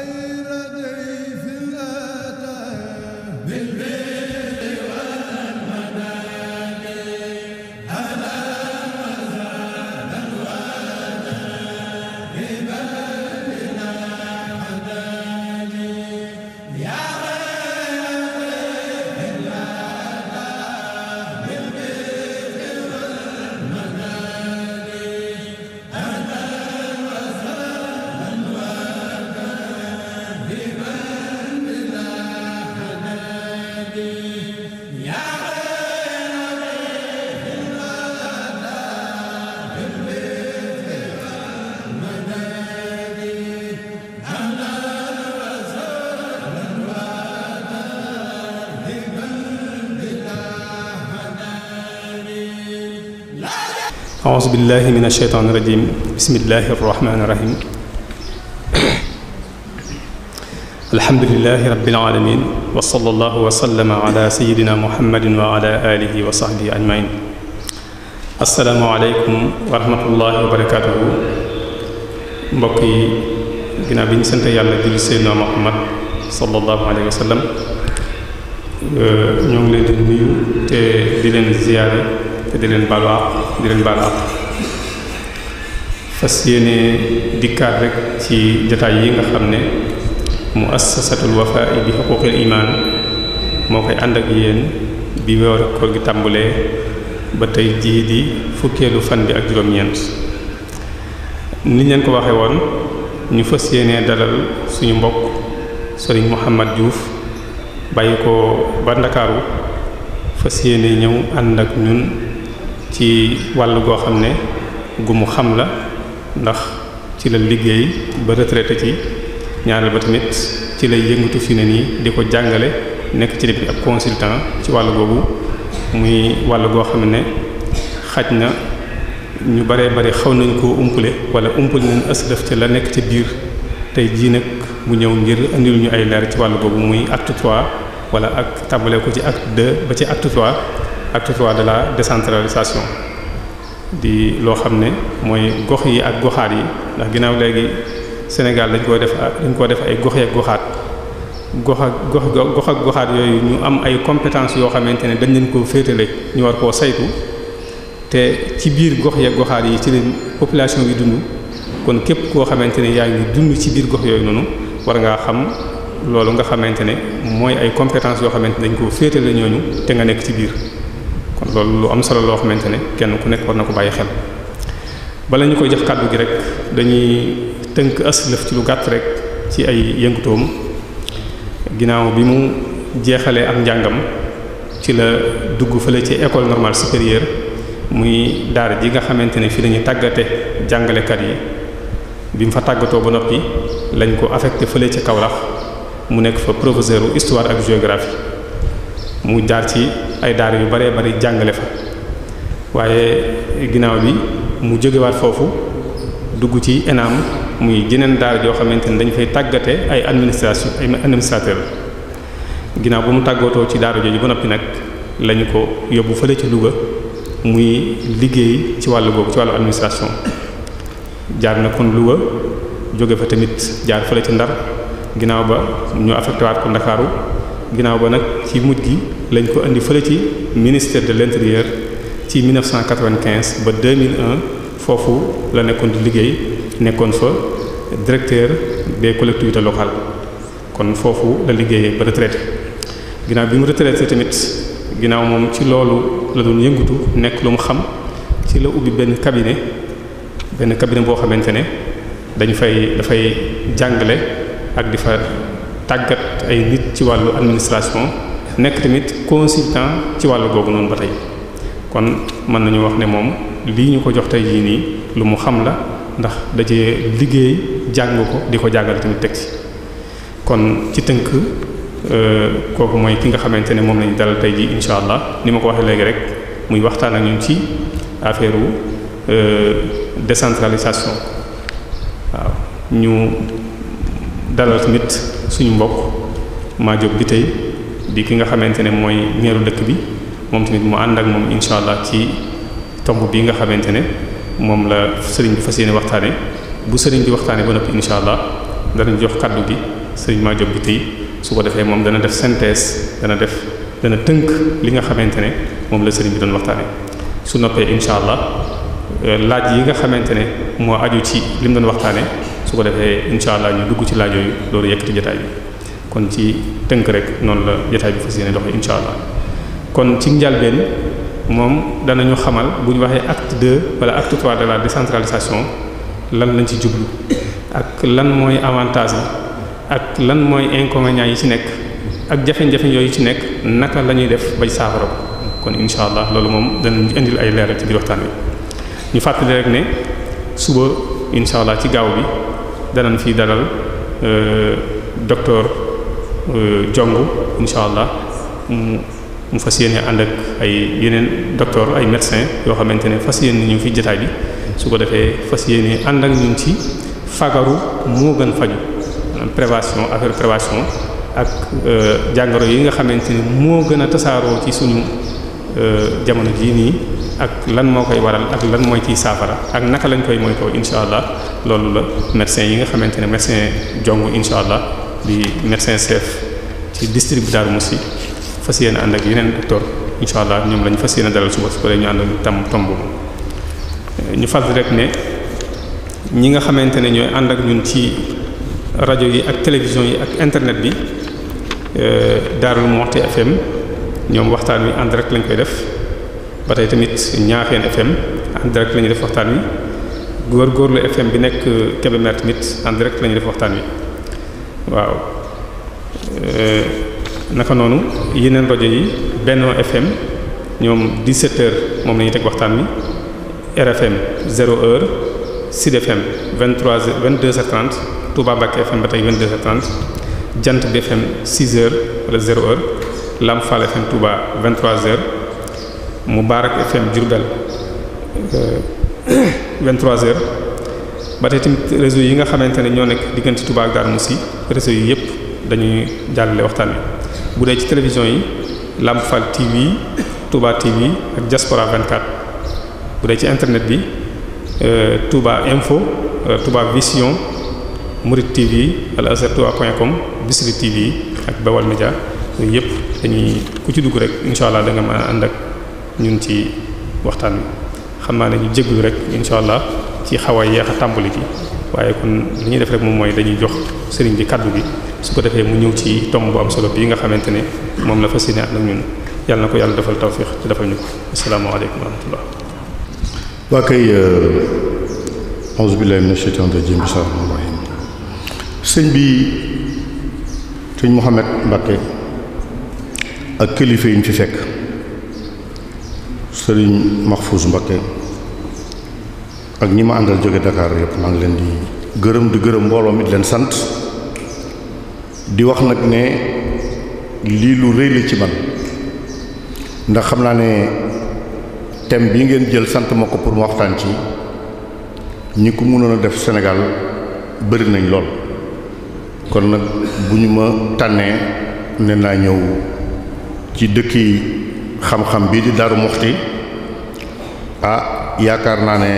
خير ضيف أتى بالبشر بالله من الشيطان الرجيم بسم الله الرحمن الرحيم الحمد لله رب العالمين وصلى الله وسلم على سيدنا محمد وعلى آله وصحبه أجمعين السلام عليكم ورحمة الله وبركاته بقي ginnaaw بن سنت sant دي سيدنا محمد صلى الله عليه وسلم sallam lay di nuyu te di len ziaré te di len balwa di len balwa fas yéene dikkaat rek ci jataay yi nga xam ne mu assasatul wafa bi xuquqil iman moo koy ànd ak yéen bi weeru koor gi tàmbulee ba tey jii di fukkeelu fan bi ak juróom-ñeent ni leen ko waxe woon ñu fas yéene dalal suñu mbokk sëriñ Mouhamad Diouf bàyyi ko ba Ndakaaru fas yéene ñëw ànd ak ñun ci wàll goo xam ne gu mu xam la ndax ci la liggéey ba retraité ci ñaareel ba tamit ci lay yëngatu fi nii di ko jàngale nekk ci def ak consultant ci wàll boobu muy wàll goo xam ne xaj na ñu baree bari xaw nañ ko umpule wala umpule nañ aslëf ci la nekk ci biir tey jii nag mu ñëw ngir indil ay leer ci wàll googu muy acte 3 wala ak tàmbale ko ci ak 2 ba ci acte 3 acte 3 de la décentralisation di loo xam ne mooy gox yi ak goxaat yi ndax ginnaaw léegi Sénégal dañ koo def dañ koo def ay gox yi ak goxaat gox ak gox gox ak goxaat yooyu ñu am ay compétence yoo xamante ne dañ leen koo féetale ñu war koo saytu te ci biir gox yi ak goxaat yi ci leen population bi dund kon képp koo xamante ne yaa ngi dund ci biir gox yooyu noonu war ngaa xam loolu nga xamante ne mooy ay compétence yoo xamante ne dañ koo féetale ñooñu te nga nekk ci biir loolu lu am solo loo xamante ne kenn ku nekk war na ko bàyyi xel bala ñu koy jox kàddu gi rek dañuy tënk aslëf ci lu gàtt rek ci ay yëngutoom ginnaaw bi mu jeexalee ak njàngam ci la dugg fële ci école normale supérieure muy daar ji nga xamante ne fii lañuy tàggate jàngalekat yi bi mu fa tàggatoo ba noppi lañ ko affecté fële ci Kaolack mu nekk fa professeur histoire ak géographie mu jaar ci ay daara yu baree bari jàngale fa waaye ginnaaw bi mu jógewaat foofu dugg ci inam muy jeneen daar joo xamante ne dañu fay tàggate ay administration ay administrateur ginnaaw ba mu tàggatoo ci daara jooju ba noppi nag lañu ko yóbbu fële ci Louga muy liggéey ci wàll boobu ci wàllu administration jaar na kon Louga jóge fa tamit jaar fële ci Ndar ginnaaw ba ñoo affecté waat ko Ndakaaru ginnaaw ba nag ci mujj gi lañ ko indi fële ci ministère de l'intérieur ci 1995 ba 2001 foofu la nekkoon di liggéey nekkoon fa directeur des collectivité local kon foofu la liggéeyee ba retraité ginnaaw bi mu retraité tamit ginnaaw moom ci loolu la doon yëngatu nekk lu mu xam ci la ubbi benn cabinet benn cabinet boo xamante ne dañu fay dafay jàngale ak di fa tàggat ay nit ci wàllu administration nekk tamit consultant ci wàllu googu noonu ba tey kon mën nañu wax ne moom lii ñu ko jox tey jii nii lu mu xam la ndax da cee liggéey jàng ko di ko jàngal tamit teg ci kon ci tënk euh, kooku mooy ki nga xamante ne moom lañu dalal tey jii incha allah ni ma ko waxee léegi rek muy waxtaan ak ñun ci affaire wu euh, décentralisation waaw ñu. dalal nit suñu mbokk ma jóg bi tay di ki nga xamantene moy ñeeru dëkk bi mom tamit mu ànd ak mom inshallah ci tomb bi nga xamantene mom la serigne bi fasiyene waxtane bu serigne bi waxtane bu noppi inshallah allah jox kaddu bi serigne ma jóg bi tay su ko defé mom dana def synthèse dana def dana teunk li nga xamantene mom la serigne bi doon waxtane su noppé inshallah laaj yi nga xamantene mo aju ci lim doon waxtane su ko defee incha allah ñu dugg ci laaj yooyu loolu yëkkati jotaay bi kon ci tënk rek noonu la jotaay bi fas yéene doxee incha allah kon ci njalbeen moom danañu xamal bu ñu waxee acte 2 wala acte 3 de la décentralisation lan lañ ci jublu ak lan mooy avantage ak lan mooy inconvénients yi ci nekk ak jafe-jafe yooyu ci nekk naka lañuy def bay saafara ko kon incha allah loolu moom danañ indil ay leeral ci biir waxtaan wi ñu fàttali rek suba incha ci gaaw danañ fi dalal euh docteur euh jongu inshallah mu fasiyene yéene ànd ak ay yenen docteur ay médecin yo xamantene fasiyene ñu fi jotaay bi su ko defé fasiyene yéene ànd ak ñun ci fagaru mo gën faju prévention affaire prévention ak euh jangaro yi nga xamantene mo gëna tassaro ci suñu euh jamono ji ni ak lan moo koy waral ak lan mooy ciy saafara ak naka lañ koy moytoo incha allah loolu la médecin yi nga xamante ne médecin jong incha allah di médecin chef ci district bu Darou Moukhty fas yéene ànd ak yeneen docteur incha allah ñoom lañu fas yéene dalal suba su ko ñu ànd ak tam tomb ñu rek ne ñi nga xamante ne ñooy ànd ak ñun ci rajo yi ak télévision yi ak internet bi euh, Darou Moukhty FM ñoom waxtaan wi ànd rek lañ koy def. ba tamit ñaafeen FM en direct la ñuy def waxtaan wi góorgóorlu FM bi nekk Kébémer tamit en direct la ñuy def waxtaan wi waaw euh, naka noonu yeneen rajo yi Benno FM ñoom 17h moom la ñuy teg waxtaan wi RFM 0h Sud FM 23h 22h30 Touba Mbacké FM ba tey Jant BFM 6h wala 0h Lamp Fall FM Touba 23h. mubarak FM Diourbel 23h ba tim réseau yi nga xamanteni ño nek digënti Touba ak dar musi réseau yi yëpp dañuy jàllale waxtan wi bu dee ci télévision yi lamfal TV Touba TV ak Diaspora 24 bu dee ci internet bi euh Info Touba Vision mourid TV wala azertouba.com Bichri TV ak Bawal Media yëpp dañuy ku ci dugg rek inshallah da nga ma a ànd ak. ñun ci waxtaan wi xam naa ne ñu jégalu rek incha allah ci xaw a yeex tàmbali gi waaye kon li ñuy def rek moom mooy dañuy jox sëriñ bi kàddu bi su ko defee mu ñëw ci tomb bu am solo bii nga xamante ne moom la fas yéene ak ñun yàlla na ko yàlla defal tawfiq te defal ñu ko asalaamaaleykum wa waa kay euh, auzu billahi de shaytaanir rajiim bismillahir rahmanir rahim sëñ bi sëñ Mouhamed Mbacké ak kilifa yi ñu fi fekk. sëriñ Mahfouz Mbakke ak ñi ma àndal Dakar yépp maa ngi di gërëm di gërëm mbooloo mi sant di wax nag ne lii lu rëy la ci man ndax xam ne tem bi ngeen jël sant ma pour mu waxtaan ci ñi ko mënoon def nañ lool kon nag bu ma ne naa ñëw ci dëkki xam-xam bii di Daaru Muxti ah yaakaar naa ne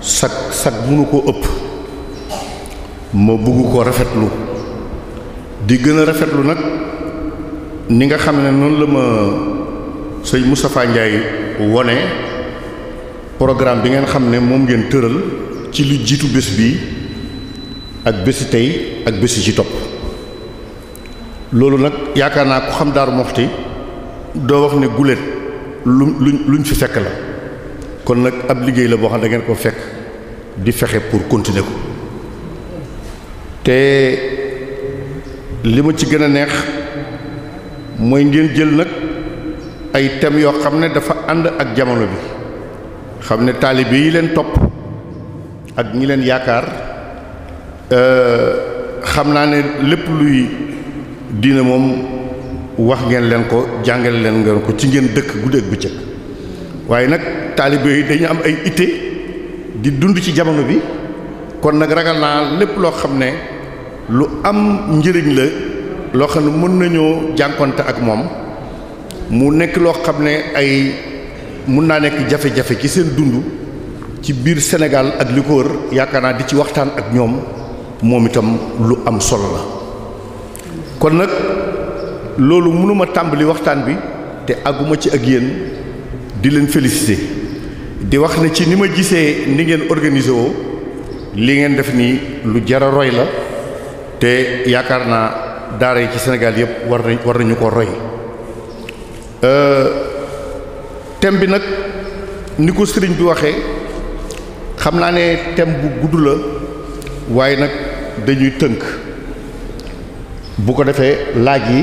sag sag mënu koo ëpp ma bugg ko rafetlu di gën a rafetlu nag ni nga xam ne noonu la ma sëñ Moustapha Ndiaye wone programme bi ngeen xam ne moom ngeen tëral ci lu jiitu bés bi ak bési tey ak bési ci topp loolu nag yaakaar naa ku xam Daaru Muxti doo wax ne guléet lu lu luñ fi fekk la kon nag ab liggéey la boo xam ne ngeen ko fekk di fexe pour continuer ko te li ma ci gën a neex mooy ngeen jël nag ay thèmes yoo xam ne dafa ànd ak jamono bi xam ne taalibe yi leen topp ak ñi leen yaakaar euh, xam naa ne lépp luy diine moom wax ngeen leen ko jàngale leen ngeen ko ci ngeen dëkk guddeeg bëccëg waaye nag taalibe yi dañu am ay itte di dund ci jamono bi kon nag ragal naa lépp loo xam ne lu am njëriñ la loo xam ne mën nañoo jànkonte ak moom mu nekk loo xam ne ay mun naa nekk jafe-jafe ci seen dund ci biir Sénégal ak li yaakaar naa di ci waxtaan ak ñoom moom itam lu am solo la kon nag loolu mënuma tàmbali waxtaan bi te àgguma ci ak yéen di leen féliciter di wax na ci ni ma gisee ni ngeen organisé woo li ngeen def nii lu jar a roy la te yaakaar naa daara yi ci Sénégal yëpp war nañ war nañu ko roy euh, thème bi nag ni ko sëriñ bi waxee xam naa ne thème bu gudd la waaye nag dañuy tënk bu ko defee laaj yi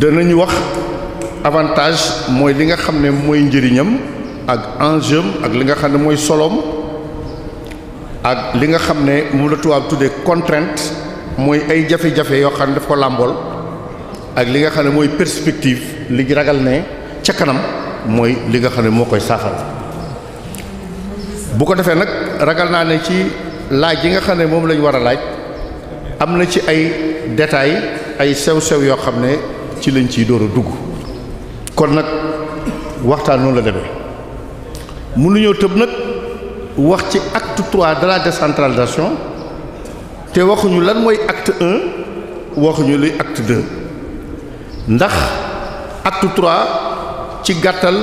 danañu wax avantage mooy li nga xam ne mooy njëriñam ak enjeu ak li nga xam ne mooy soloom ak li nga xam ne moom la tubaab tuddee contrainte mooy ay jafe-jafe yoo xam ne daf ko làmbool ak li nga xam ne mooy perspective li ragal ne ca kanam mooy li nga xam ne moo koy saafara bu ko defee nag ragal naa ne ci laaj yi nga xam ne moom lañu war a laaj am na ci ay détails ay sew-sew yoo xam ne ci lañ ci dooro dugg kon nak waxtaan non la débé mënu ñu teub nak wax ci acte 3 de la décentralisation té waxu ñu lan moy acte 1 waxu ñu li acte 2 ndax acte 3 ci gattal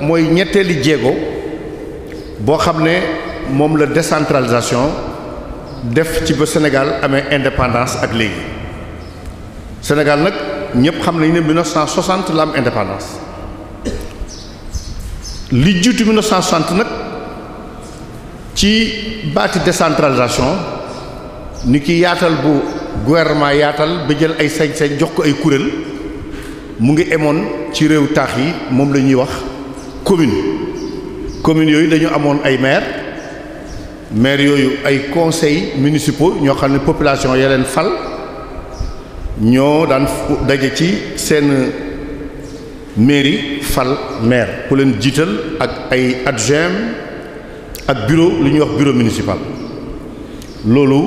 moy ñettéli djégo bo xamné mom la décentralisation def ci bu Sénégal amé indépendance ak légui Sénégal nak ñëpp xam nañ ne 1960 la am indépendance li jiitu 1960 décentralisation yaatal bu gouvernement yaatal jël ay jox ko ay mu ngi ci réew yi la wax commune commune maire maire ay conseils municipaux ñoo population ñoo daan daje ci seen mairie fal maire ku leen jiital ak ay adjoint ak bureau lu ñuy wax bureau municipal loolu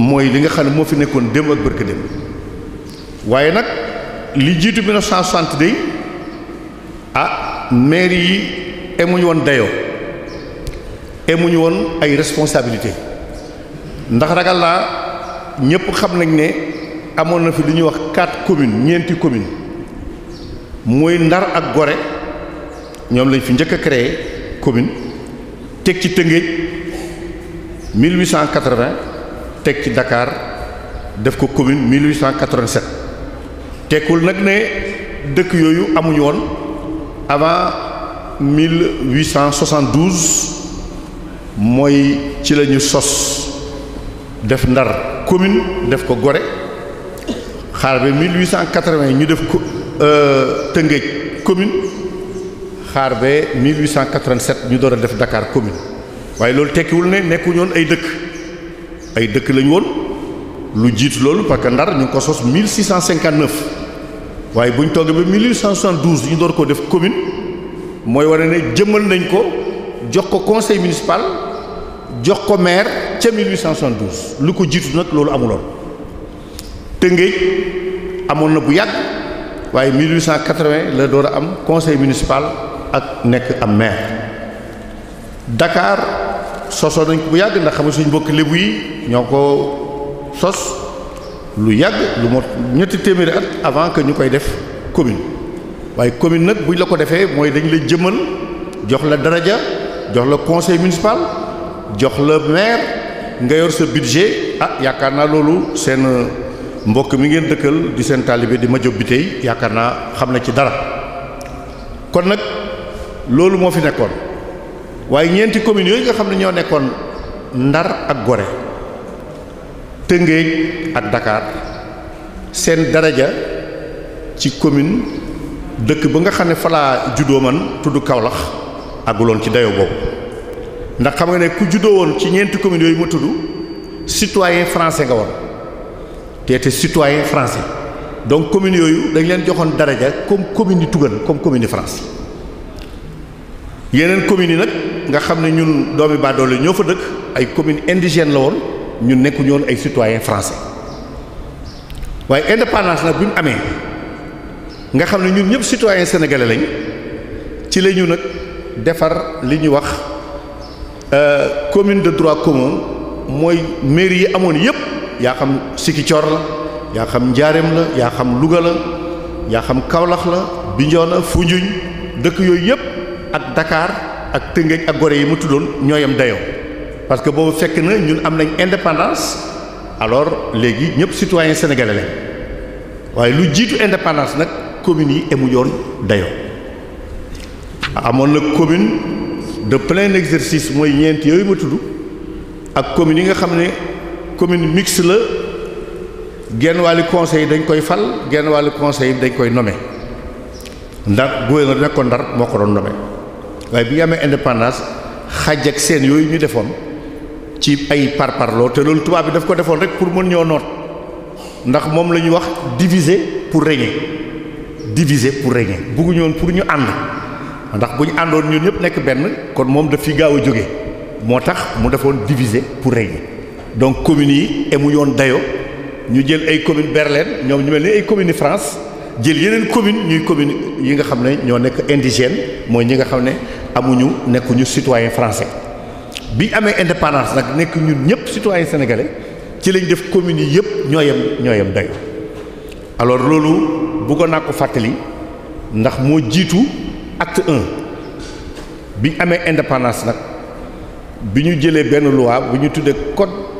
mooy li nga xam ne moo fi nekkoon démb ak bërka démb waaye nag li jiitu 1960 day ah maire yi emuñu woon dayoo emuñu woon ay responsabilité ndax ragal naa ñépp xam nañ ne amoon na fi lu ñuy wax quatre communes ñeenti communes muy Ndar ak gore ñoom lañ fi njëkk a créé commune teg ci Tëngéej 1880 teg ci Dakar def ko commune 1887 tekkul nag ne dëkk yooyu amuñu woon avant 1872 mooy ci la sos def Ndar commune def ko gore xaar ba 1880 ñu def ko euh, Tëngéej commune xaar ba 1887 ñu door a def Dakar commune waaye loolu tekkiwul ne nekkuñu woon ay dëkk ay dëkk lañu woon lu jiitu loolu parce que Ndar ñu ngi ko sos 1659 waaye bu ñu toogee ba 1872 ñu door ko def commune mooy wane ne jëmmal nañ ko jox ko conseil municipal jox ko maire ca 1872 lu ko jiitu nag loolu amuloon. Tëngéej amon na bu yàgg waye 1880 le door am conseil municipal ak nek am maire Dakar soso nañ ko bu yàgg ndax xam suñ mbokk lebu yi ñoko sos lu yàgg lu mot ñetti téméré at avant que ñu def commune waye commune nak buñ la ko défé moy dañ la jëmal jox la daraja jox la conseil municipal jox la maire nga yor sa budget ah yakarna lolu loolu mbokk mi ngeen dëkkal di seen taalibe di ma jóg bi tey yaakaar naa xam na ci dara kon nag loolu moo fi nekkoon waaye ñeenti communes yooyu nga xam ñoo nekkoon Ndar ak Gorée Tëngéej ak Dakar seen daraja ci commune dëkk ba nga xam ne falaa man tudd Kaolack àgguloon ci dayo boobu ndax xam nga ne ku ci citoyen français nga te te citoyen français donc commune yoyu dañ leen joxone daraja comme commune yi tugal comme commune yi France yeneen commune nak nga xamné ñun doomi baadoole ñoo fa dëkk ay commune indigène la woon ñun nekku ñoon ay citoyen français waaye indépendance nak bi amé nga xamné ñun ñëpp citoyen sénégalais lañ ci lañu nak défar defar li ñuy wax euh, commune de droit commun moy mairie amone yépp yaa xam Sikicoor la yaa xam Njaareem la yaa xam Louga la yaa xam Kaolack la Bignona Foundiougne dëkk yooyu yëpp ak Dakar ak Tëngéej ak Gorée yi ma tuddoon ñoo yem dayoo parce que boobu fekk na ñun am nañ indépendance alors léegi ñëpp citoyen sénégalais lañ waaye lu jiitu indépendance nag communes yi emu yoon dayoo amoon na commune de plein exercice mooy ñeent yooyu ma tudd ak commune yi nga xam ne commune mixte la genn wàllu conseil dañ koy fal genn wàllu conseil dañ koy nommé ndax gouverneur nekkoon Ndar moo ko doon nommé waaye bi ñu amee indépendance xaj ak seen yooyu ñu defoon ci ay parparloo te loolu tubaab bi daf ko defoon rek pour mën ñoo noot ndax moom la ñuy wax divise pour régner diviser pour régner buggu pour ñu ànd ndax buñ àndoon ñoon ñëpp nekk benn kon moom daf fi gaaw a jóge moo tax mu defoon diviser pour régner donc communes et emu yoon dayo ñu jël ay commune Berlin ñom ñu melni ay commune France jël yeneen commune ñuy commune yi nga xamné ño nek indigène moy ñi nga xamné amuñu amuñu ñu citoyen français bi amé indépendance nak nek ñun ñëpp citoyen sénégalais ci lañ def commune yi yëpp ñoo yem ñoo dayo alors loolu bu ko ko fatali ndax mo jitu acte 1 bi amé indépendance nak biñu jëlé ben loi bu ñu code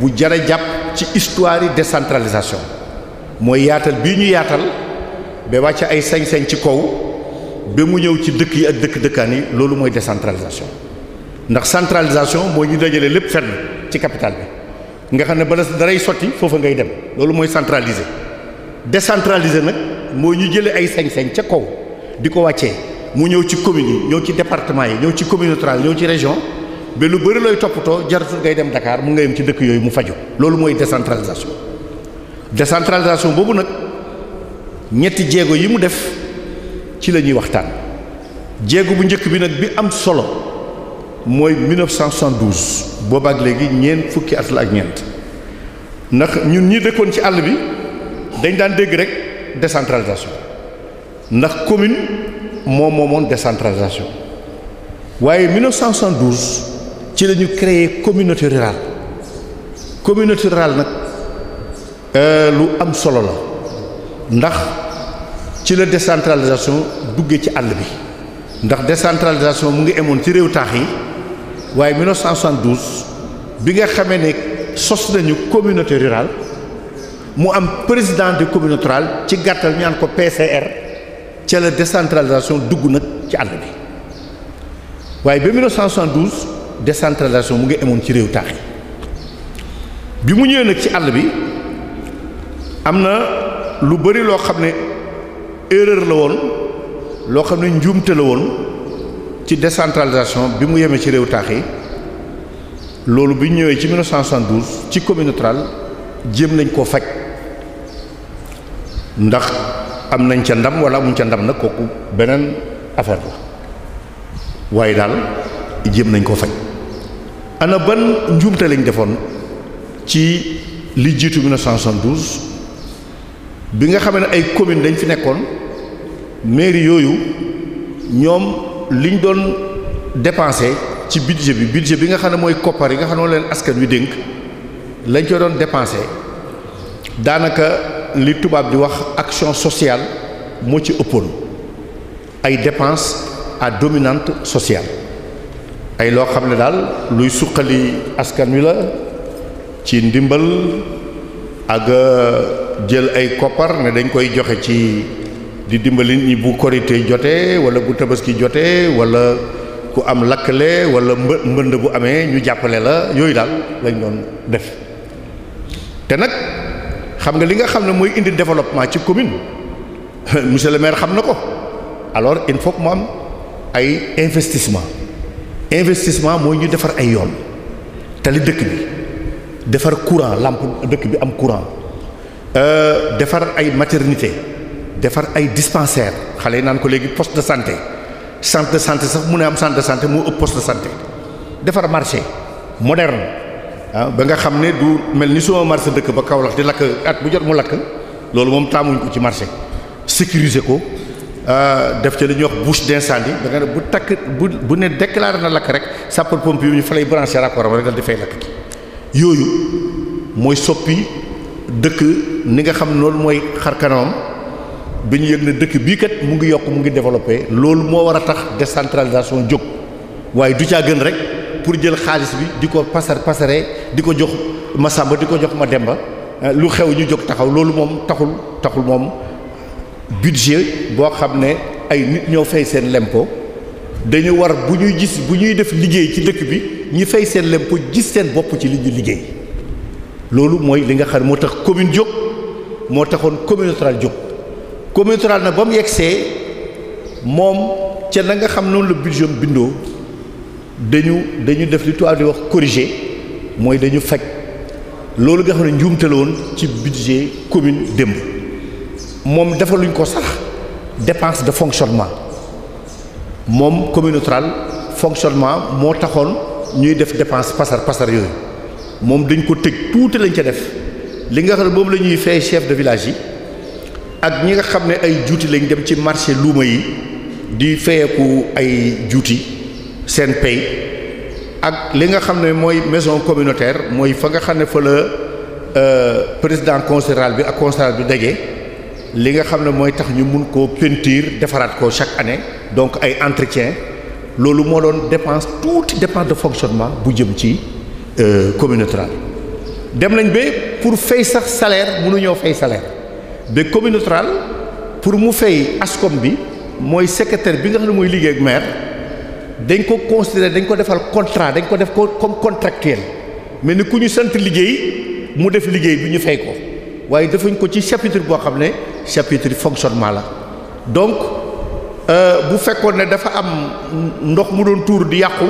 bu jara jàpp ci histoire yi décentralisation mooy yaatal bii ñu yaatal ba wàcce ay sañ-sañ ci kaw ba mu ñëw ci dëkk yi ak dëkk dëkkaani loolu mooy décentralisation ndax centralisation mooy ñu dajale lépp fenn ci capital bi nga xam ne bala daray sotti foofu ngay dem loolu mooy centraliser décentraliser nag mooy ñu jëlee ay sañ-sañ ca kaw di ko wàccee mu ñëw ci communes yi ñëw ci département yi ñëw ci communauté rurale ñëw ci région ba lu bari looy toppatoo jaratul ngay dem dakaar mu nga yem ci dëkk yooyu mu faju loolu mooy décentralisation décentralisation boobu nag ñetti jéego yi mu def ci la ñuy waxtaan jéego bu njëkk bi nag bi am solo mooy 1972 boobaak léegi ñeent fukki at la ak ñeent ndax ñun ñi dëkkoon ci àll bi dañ daan dégg rek décentralisation ndax commune moo moomoon décentralisation waaye ci la ñu créer communauté rurale communauté rurale nag euh, lu am solo la ndax ci la décentralisation duggee ci àll bi ndax décentralisation mu ngi amoon ci réew taax yi waaye 1972 bi nga xamee ne sos nañu communauté rural mu am présidente de communauté rurale ci gàttal ñaan naan ko PCR ca la décentralisation dugg nag ci àll bi waaye ba décentralisation mu ngi amoon ci réew taax yi bi mu ñëwee nag ci àll bi am na lu bari loo xam ne erreur la woon loo xam ne njuumte la woon ci décentralisation bi mu yemee ci réew taax yi loolu bi ñëwee ci 1972 ci communauté jéem nañ koo faj ndax am nañ ca ndam wala amuñ ca ndam nag kooku beneen affaire la waaye daal jéem nañ koo faj ana ban njuumte lañ defoon ci li jiitu 1972 bi nga xam ne ay commune dañ fi nekkoon mairie yooyu ñoom liñ doon dépensé ci budget bi budget bi nga xam ne mooy koppar yi nga xam ne leen askan wi dénk lañ ko doon dépensé daanaka li tubaab di wax action sociale moo ci ëppoon ay dépenses à dominante sociale ay loo xam ne daal luy suqali askan wi la ci ndimbal ak euh, jël ay koppar ne dañ koy joxe ci di dimbali nii bu korite jotee wala bu tabaski jotee wala ku am lakkale wala mbë mbënd bu amee ñu jàppale la yooyu daal lañ doon def te nag xam nga li nga xam ne mooy indi développement ci commune monsieur le maire xam na ko alors il faut que mu am ay investissement investissement mooy ñu defar ay yoon tali dëkk bi defar courant lampe dëkk bi am courant euh, defar ay maternité defar ay dispensaire xale yi naan ko léegi poste de santé centre de santé sax mu ne am centre de santé moo ëpp poste de santé defar marché moderne ah ba nga xam ne du mel ni suma marché dëkk ba Kaolack di lakk at bu jot mu lakk loolu moom taamuñ ko ci marché sécuriser ko Euh, def ca li ñuy wax bouche d'incendie da nga ne bu takk bu bu ne dekk laa na lakk rek sapeur pompier yi ñu fa lay branché rapport rek dal di fay lakk gi yooyu mooy soppi dëkk ni nga xam loolu mooy xar kanamam bi ñu yëg ne dëkk bii kat mu ngi yokk mu ngi développé loolu moo war a tax décentralisation jóg waaye du caa gën rek pour jël xaalis bi di ko pasar pasaree di ko jox ma sàmba di ko jox ma demba euh, lu xew ñu jóg taxaw loolu moom taxul taxul moom budget boo xam ne ay nit ñoo fay seen lempo dañu war bu ñuy gis bu ñuy def liggéey ci dëkk bi ñi fay seen lempo gis seen bopp ci li ñu liggéey loolu mooy li nga xam ne moo tax commune jóg moo taxoon communauté rurale jóg nag ba mu moom ca na nga xam noonu la budget bindoo dañu dañu def li tubaab di wax corriger mooy dañu faj loolu nga xam ne njuumtaloon ci budget commune démb mom defaluñ ko sax dépenses de fonctionnement mom communautal fonctionnement mo taxone ñuy def dépenses passer passer yooyu mom dañ ko tëj tuuti lañ ci def li nga xam ne lañuy fay chef de village yi ak ñi nga xam ne ay juuti lañ dem ci marché louma yi di fayeku ay juuti sen pay ak li nga xam ne maison communautaire moy fa nga xam ne le euh président conseil rural bi ak conseil bi dégué li nga xam moy tax ñu mun ko peinture défarat ko chaque année donc ay entretien lolu mo doon dépense tuuti dépense de fonctionnement bu jëm ci euh communautaire dem nañ ba pour fay sax salaire mënu ñoo fay salaire ba communautaire pour mu fay ASCOM bi moy secrétaire bi nga xam moy mooy ak maire dañ ko considérer dañ ko défal contrat dañ ko def ko comme contractuel mais ni ku ñu sant liggéey mu def liguey bi ñu fay ko. waaye defuñ ko ci chapitre boo xam ne chapitre fonctionnement la donc euh, bu fekkoon ne dafa am ndox mu doon tuur di yàqu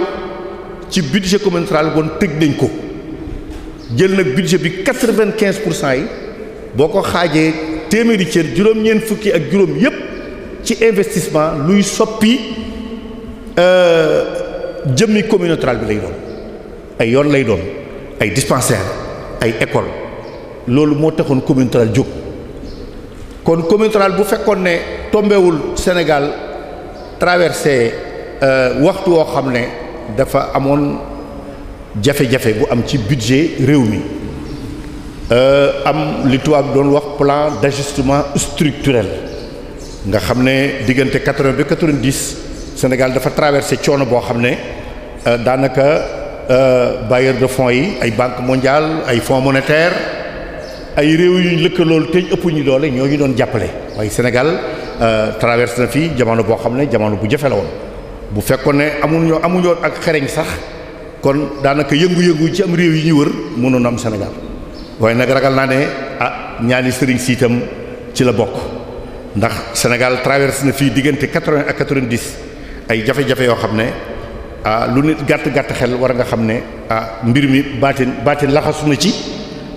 ci budget communautaire bon tëj nañ ko jël nag budget bi quatre-vingt-quinze pour cent yi boo ko xaajee téeméeri cër juróom-ñeent fukki ak juróom yépp ci investissement luy soppi euh, jëmmi communautaire bi lay doon ay yoon lay doon ay dispensaire ay école loolu mo taxone commune rurale jóg kon commune rurale bu fekkone ne tombé wul Sénégal traversé euh waxtu wo xamné dafa amone jafé jafé bu am ci budget rewmi euh am li tubaab doon wax plan d'ajustement structurel nga xamné digënté 80 ba 90 Sénégal dafa traversé bo xamné euh danaka euh bailleurs de fonds yi ay banque mondiale ay fonds monétaire ay réew yu ñu lëkkalool te ëpp ñu doole ñoo ñu doon jàppale waaye Sénégal euh, traverse na fii jamono boo xam ne jamono bu jafe la woon bu fekkoon ne amuñu amuñoon ak xereñ sax kon daanaka yëngu-yëngu ci am réew yi ñu wër mënoon am Sénégal waaye nag ragal naa ne ah ñaani sëriñ si itam ci la bokk ndax Sénégal traverse na fii diggante quatre-vingt ak quatre-vingt-dix ay jafe-jafe yoo xam ne ah lu nit gàtt gàtt xel war nga xam ne ah mbir mi baatin baatin laxasu na ci.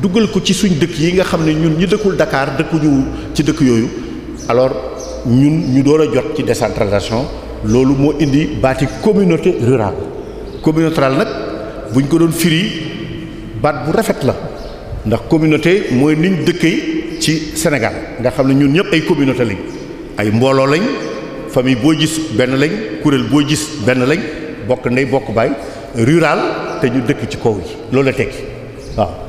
dugal ko ci suñ dëkk yi nga xam ne ñun ñi dëkkul Dakar dëkkuñu ci dëkk yooyu alors ñun ñu door a jot ci décentralisation loolu moo indi baati communauté rurale communauté rurale nag buñ ko doon firi baat bu rafet la ndax communauté mooy niñ dëkkee ci Sénégal nga xam ne ñun ñëpp ay communauté lañ ay mbooloo lañ famille boo gis benn lañ kuréel boo gis benn lañ bokk ndey bokk baay rural te ñu dëkk ci kaw yi loolu la tekki waaw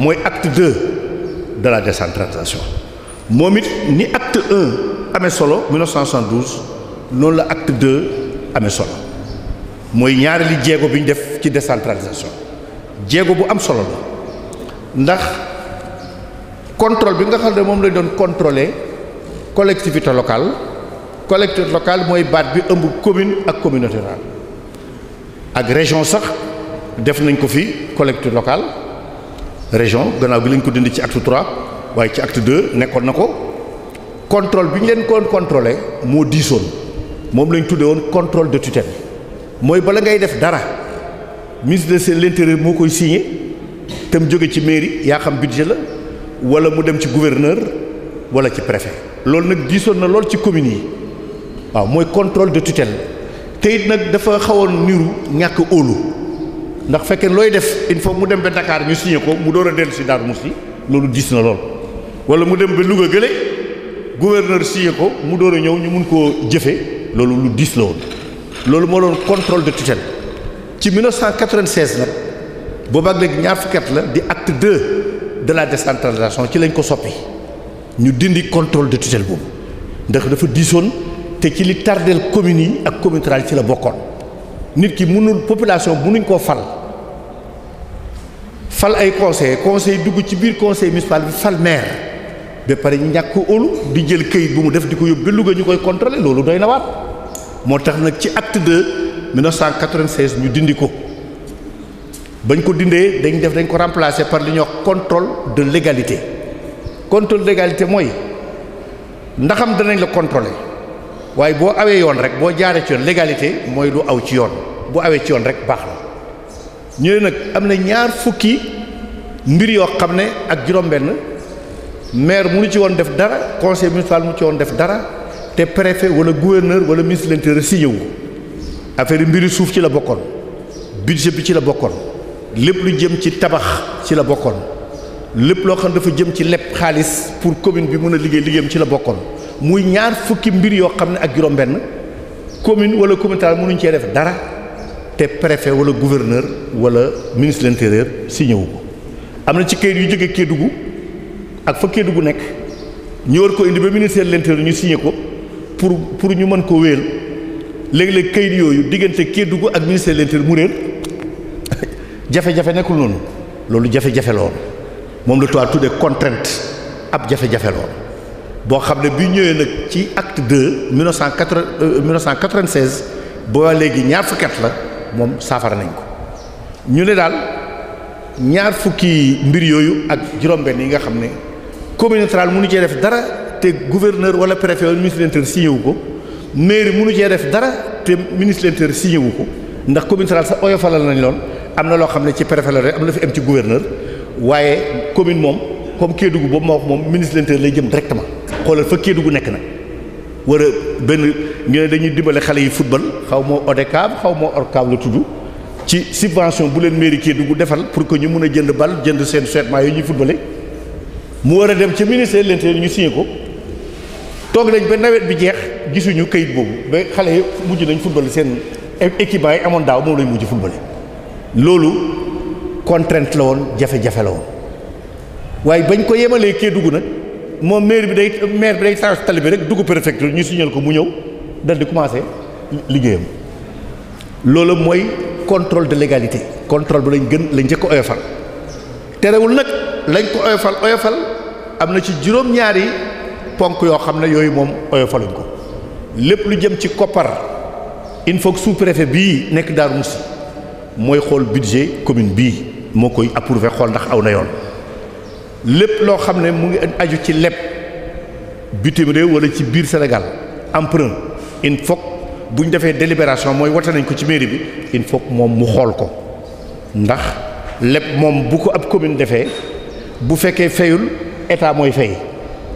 C'est acte 2 de la décentralisation momit l'acte ni acte 1 amé solo 1972 non la acte 2 de solo moy ñaar li djégo ñu def ci décentralisation djégo bu am solo la ndax contrôle bi nga xam ne moom lañ de contrôler collectivité locale collectivité locale est une bi commune ak communauté rurale ak région sax def nañ ko collectivité locale région gannaaw bi lañ ko dindi ci acte 3 waye ci acte 2 nekkoon nako contrôle biñu len ko koon contrôlé moo diisoon moom lañ tuddee woon contrôle de tutelle moy bala ngay def dara ministre de l'intérieur moo koy signé tam mu ci mairie ya xam budget la wala mu dem ci gouverneur wala ci préfet loolu nak diisoon na lool ci commune yi waaw mooy contrôle de tutelle teyit nak dafa xawoon niru ñak óolu ndax fekkee looy def il mu dem ba Dakar ñu signé ko mu door a dellu si Darou si loolu diis na lool wala mu dem ba Louga gële gouverneur signé ko mu door a ñëw ñu mun koo jëfee loolu lu diis la woon loolu moo doon contrôle de tutelle ci 1996 nag boobaag léegi ñaar fukki la di acte 2 de la décentralisation ci lañ ko soppi ñu dindi contrôle de tutelle boobu ndax dafa diisoon te ci li tardeel communes yi ak communauté rurale ci la bokkoon nit ki mënul population mënuñ koo fal fal ay conseil conseil dugg ci biir conseil municipal bi fal maire ba pare ñu ñàkk óolu di jël këyit bu mu def di ko yóbbu ba Louga ñu koy contrôler loolu doy na waat moo tax nag ci acte de 1996 ñu dindi ko bañ ko dindee dañ def dañ ko remplacer par li ñuy wax contrôle de légalité contrôle de légalité mooy ndaxam danañ la contrôler waaye boo awee yoon rek boo jaaree ci yoon légalité mooy lu aw ci yoon bu awee ci yoon rek baax la ñu ne nag am na ñaar fukki mbir yoo xam ne ak juróom-benn maire mu nu ci woon def dara conseil municipal mu ci woon def dara te préfet wala gouverneur wala ministre de l'intérieur signé wu affaire yi mbiri suuf ci la bokkoon budget bi ci la bokkoon lépp lu jëm ci tabax ci la bokkoon lépp loo xam ne dafa jëm ci lepp xaalis pour commune bi mën a liggéey liggéeyam ci la bokkoon muy ñaar fukki mbir yoo xam ne ak juróom-benn commune wala communauté mënuñ cee def dara te préfet wala gouverneur wala ministre de l'intérieur signé wu am na ci kayit yu jóge Kédougou ak fa Kédougou nekk ñu war ko indi ba ministère de l'intérieur ñu signé ko pour pour ñu mën ko wéyal léegi léeg kayit yooyu diggante Kédougou ak ministère de mu réer jafe-jafe nekkul noonu loolu jafe-jafe loolu moom la tubaab tuddee contrainte ab jafe-jafe loolu boo xam ne bi ñëwee nag ci acte 2 1980 1996 boo léegi ñaar fukki at la moom saafara nañ ko ñu ne daal. ñaar fukki mbir yooyu ak juróom-benn yi nga xam ne communauté rurale mënu cee def dara te gouverneur wala préfet wala ministre de l'intérieur signé wu ko mairie mënu cee def dara te ministre de l'intérieur signé wu ko ndax communauté rurale sax oyofalal nañ loon am na loo xam ne ci préfet la rek am na fi am ci gouverneur waaye commune moom comme Kédougou boobu ma wax moom ministre de l'intérieur lay jëm directement xoolal fa Kédougou nekk na war a benn ñu ne dañuy dimbale xale yi football xaw ma ODCAV xaw ma ORCAV la tudd. ci subvention bu leen mairie duggu defal pour que ñu mun a jënd bal jënd seen survêtement yooyu ñuy footballé mu war a dem ca ministère de l'intérieur ñu signé ko toog nañ ba nawet bi jeex gisuñu kayit boobu ba xale yi mujj nañ footballé seen équipement yi amoon daaw moom lañ mujj footballé loolu contrainte la woon jafe-jafe la woon waaye bañ ko yemalee dugg nag moom maire bi day maire bi day change tali bi rek dugg préfecture ñu signal ko mu ñëw dal di commencer liggéeyam loolu mooy contrôle de légalité contrôle bi lañ gën lañ njëkk a oyofal terewul nag lañ ko oyofal oyofal am na ci juróom-ñaari ponk yoo xam ne yooyu moom oyofaluñ ko lépp lu jëm ci koppar il faut que sous bii nekk Darou Moukhty mooy xool budget commune bii moo koy approuvé xool ndax aw na yoon lépp loo xam ne mu ngi aju ci leb bitim réew wala ci biir Sénégal emprunt il bu ñu defee délibération mooy wote nañ ko ci mairie bi il faut moom mu xool ko ndax lépp moom bu ko ab commune defee bu fekkee fayul état mooy fay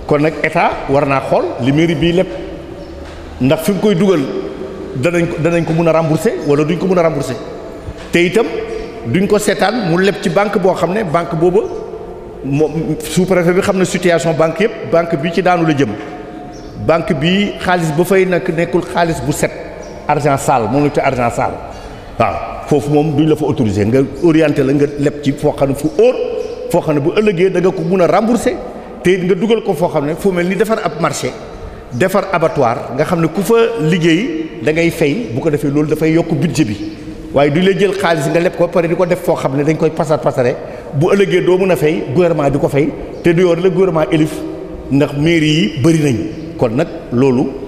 kon nag état war naa xool li mairie bii lépp ndax fi nga koy dugal danañ ko danañ ko mun a rembourser wala duñ ko mun a rembourser te itam duñ ko seetaan mu leb ci banque boo xam ne banque boobu moom sous bi xam ne situation banque yëpp banque bi ci daanu la jëm banque bi xaalis ba fay nag nekkul xaalis bu set argent sale moom la ñu tuddee argent sale waaw foofu moom duñ la fa autoriser nga orienté la nga leb ci foo xam ne fu óor foo xam ne bu ëllëgee danga ko mun a remboursé te nga dugal ko foo xam ne foo mel ni defar ab marché defar abattoir nga xam ne ku fa liggéey da ngay fay bu ko defee loolu dafay yokk budget bi waaye du lay jël xaalis nga leb ko pare di ko def foo xam ne dañ koy pasar pasare bu ëllëgee doo mën a fay gouvernement di ko fay te du yor la gouvernement élif ndax mairie yi bëri nañ kon nag loolu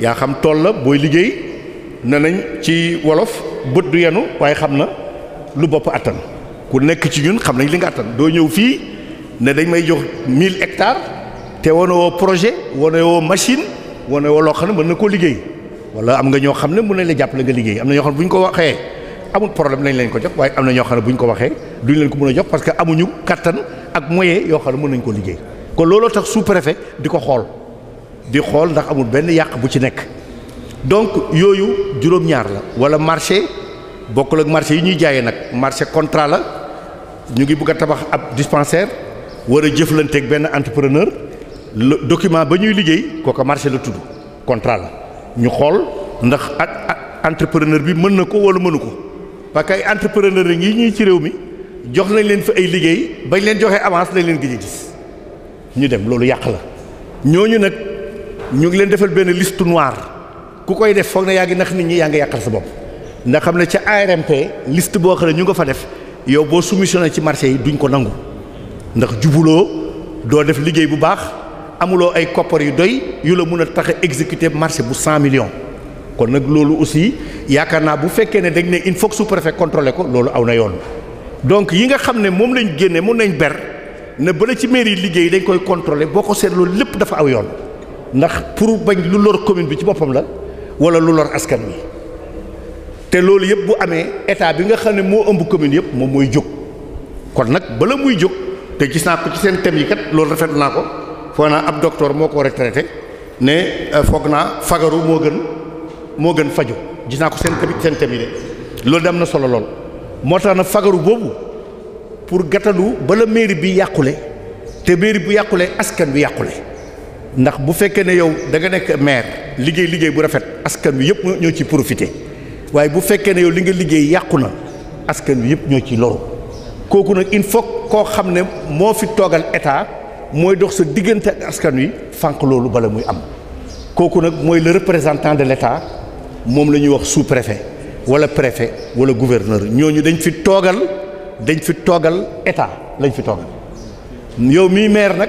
yaa xam tool la booy liggéey ne nañ ci wolof bët du yenu waaye xam na lu bopp attan ku nekk ci ñun xam nañ li nga attan doo ñëw fii ne dañ may jox 1000 hectares te wane woo projet wane woo machine wane woo loo xam ne mën na koo liggéey wala am nga ñoo xam ne mun nañ la jàppale nga liggéey am na ñoo xam ne bu ñu ko waxee amul problème nañ leen ko jox waaye am na ñoo xam ne bu ñu ko waxee duñ leen ko mën a jox parce que amuñu kattan ak moyen yoo xam ne mën nañ ko liggéey kon looloo tax sous-préfet di ko xool. di xool ndax amul benn yàq bu ci nekk donc yooyu juróom-ñaar la wala marché bokkul ak marché yi ñuy jaayee nag marché contrat la ñu ngi bugg a tabax ab dispensaire war a jëflanteeg benn entrepreneur le document ba ñuy liggéey kooka marché la tudd contrat la ñu xool ndax ak entrepreneur bi mën na ko wala mënu ko parce que entrepreneur yi ngi ñuy ci réew mi jox nañ leen fi ay liggéey bañ leen joxee avance nañ leen gëj a gis ñu dem loolu yàq la ñooñu nag. ñu ngi leen defal benn liste noire ku koy def foog na yaa ngi nax nit ñi yaa ngi yàqal sa bopp ndax xam ne ca ARMP liste boo xam ne ñu nga fa def yow boo soumissionné ci marché yi duñ ko nangu ndax jubuloo doo def liggéey bu baax amuloo ay koppar yu doy yu la mën a tax a exécuter marché bu 100 millions kon nag loolu aussi yaakaar naa bu fekkee ne dañ ne il faut que sous-préfet contrôler ko loolu aw na yoon donc yi nga xam ne moom lañ génne moom lañ ber ne bala ci mairie liggéey dañ koy contrôler boo ko seetloo lépp dafa aw yoon ndax pour bañ lu lor commune bi ci boppam la wala lu lor askan wi te loolu yëpp bu amee état bi nga xam ne moo ëmb commune yëpp moom mooy jóg kon nag bala muy jóg te gis naa ko ci seen thème yi kat loolu rafet naa ko foog naa ab docteur moo ko retraité ne euh, foog naa fagaru moo gën moo gën faju gis naa ko seen seen thème yi de loolu dem na solo lool moo tax na fagaru boobu pour gàttalu bala mairie bi yàqule te mairie bu yàqule askan bi yàqule ndax bu fekkee ne yow danga nekk maire liggéey liggéey bu rafet askan bi yëpp ñoo ci profité waaye bu fekkee ne yow li nga liggéey yàqu na askan bi yëpp ñoo ci loru kooku nag il faut koo xam ne moo fi toogal état mooy dox sa diggante askan wi fànq loolu bala muy am kooku nag mooy le de l'état moom la ñuy wax sous-préfet wala préfet wala gouverneur ñooñu dañ fi toogal dañ fi toogal état lañ fi toogal yow mii maire nag.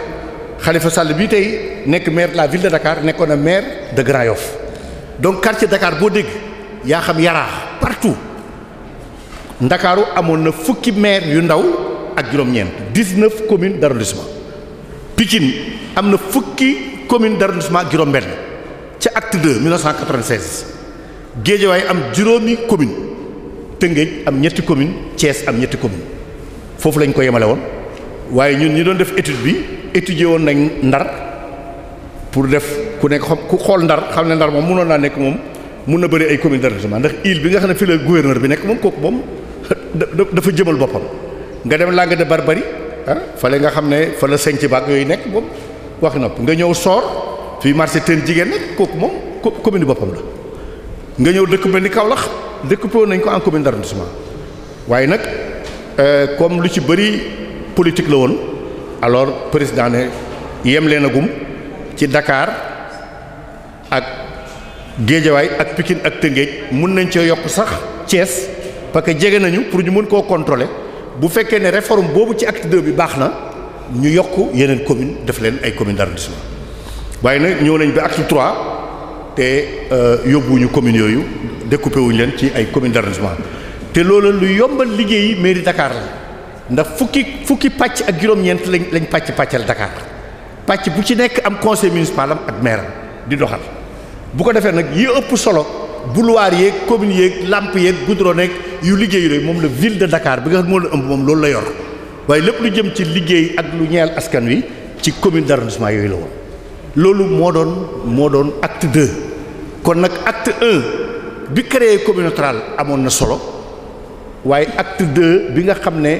xalifa Sall bi tey nekk maire de la ville de Dakar nekkoon na maire de Grand Yoff donc quartier Dakar boo dégg yaa xam yaraax partout ndakaaru amoon na fukki maire yu ndaw ak juróom-ñeent 19 communes d'arrondissement Pikine am na fukki commune d'arrondissement ak juróom-benn ca acte 2 1996 Guédiawaye am juróomi commune Tëngéej am ñetti commune Thiès am ñetti commune foofu lañ ko yemale woon waaye ñun ñi doon def étude bi étudier woon nañ ndar pour def ku nekk xom ku xool ndar xam ne ndar moom mënoon naa nekk moom mun na bëri ay communes d'arrondissement ndax île bi nga xam ne fii la gouverneur bi nekk moom kooku moom dafa jëmal boppam nga dem Langue de Barbarie ah fale nga xam ne fa la senc yooyu nekk moom wax nopp nga ñëw soor fii marché teen jigéen nekk kooku moom commune boppam nga ñëw dëkk mel ni Kaolack découpé nañ ko en commune d'arrondissement waaye nag euh, comme lu ci bëri politique la woon alors président yem leen agum ci Dakar ak Géejawaay ak Pikine ak Tëngéej mun nañ cee yokk sax Thiès parce que jege nañu pour ñu mën koo contrôler bu fekkee ne reform boobu ci acte 2 bi baax na ñu yokk yeneen commune def leen ay commune d'arrondissement waaye nag ñëw nañ ba acte 3 te euh, yóbbuwuñu communes yooyu découpé wuñu leen ci ay commune d'arrondissement te loolu lu yombal liggéeyi mairie Dakar la ndax fukki fukki pàcc ak juróom-ñeent lañ lañ pàcc pàccal Dakar pàcc bu ci nekk am conseil municipal am ak maire di doxal bu ko defee nag yi ëpp solo boulevard yeeg commune yeeg lampe yeeg goudron yeeg yu liggéeyu rek moom la ville de dakaar bi nga xam moo la ëmb moom loolu la yor waaye lépp lu jëm ci liggéey ak lu ñeel askan wi ci commune d'arrondissement yooyu loolu moo doon moo doon acte deux kon nag acte un bi créé communauté amoon na solo waaye acte deux bi nga xam ne.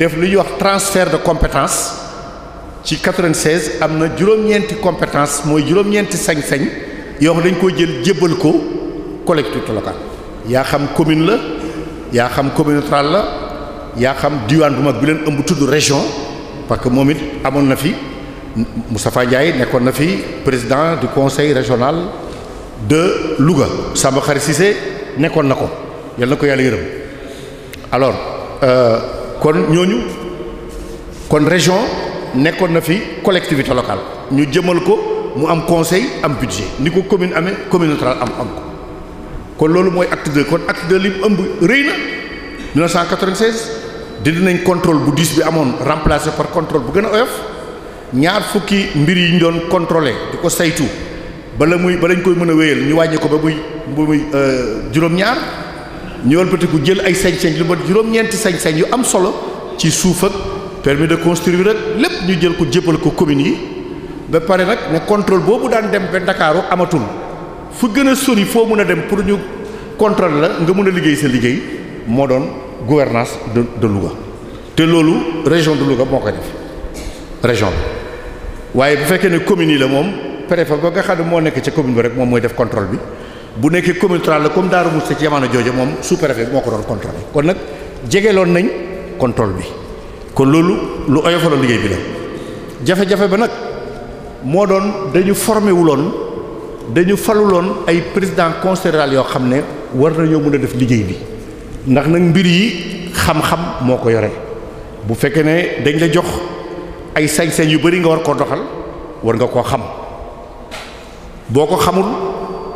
def lu ñuy wax transfert de compétence ci 96 amna na ñenti ñeenti compétence mooy juróom-ñeenti sañ-sañ yoo xam dañ ko jël djébal ko collectivité locale ya xam commune la ya xam communautaire la ya xam diwan bu mag bi leen ëmb tudd région parce que momit amon na fi Moustapha Ndiaye nekkoon na fi président du conseil régional de Louga Samba Khary Cissé nekkoon nako yalla yal na ko yàlla alors. Euh, kon ñooñu kon région nekkoon na fi collectivité locale ñu jëmal ko mu am conseil am budget niko commune amee commune rurale am am ko kon lolu moy acte 2 kon acte 2 li ëmb reyna na 1996 dindi nañ contrôle bu diis bi amone remplacer par contrôle bu gëna a oyof ñaar fukki mbir yi ñu doon contrôler diko saytu ba la muy ba ñu koy mëna wëyel ñu wàññi ko ba muy ba muy euh, juroom ñaar ñu wëlbatiku jël ay sañ-sañ lu mat juróom-ñeenti sañ yu am solo ci suuf ak permis de construire rek lépp ñu jël ko jébbal ko communes yi ba pare nag ne contrôle boobu daan dem ba Ndakaaru amatul fu gën a sori foo mën a dem pour ñu contrôle la nga mën a liggéey sa liggéey moo doon gouvernance de de Louga te loolu région de Louga moo ko def région bi waaye bu fekkee ne communes yi la moom préfet ba nga xam moo nekk ca commune bi rek moom mooy def contrôle bi bu nekkee commune rurale la comme Darou Moukhty ci jamono jooju moom sous-préfet bi moo ko doon contrôler kon nag jegeloon nañ contrôle bi kon loolu lu oyofaloon liggéey bi la jafe-jafe ba nag moo doon dañu formé wuloon dañu faluloon ay président conseil yoo xam ne war nañoo mën a def liggéey bi ndax nag mbir yi xam-xam moo ko yore bu fekkee ne dañ la jox ay sañ-sañ yu bari nga war koo doxal war nga koo xam boo ko xamul.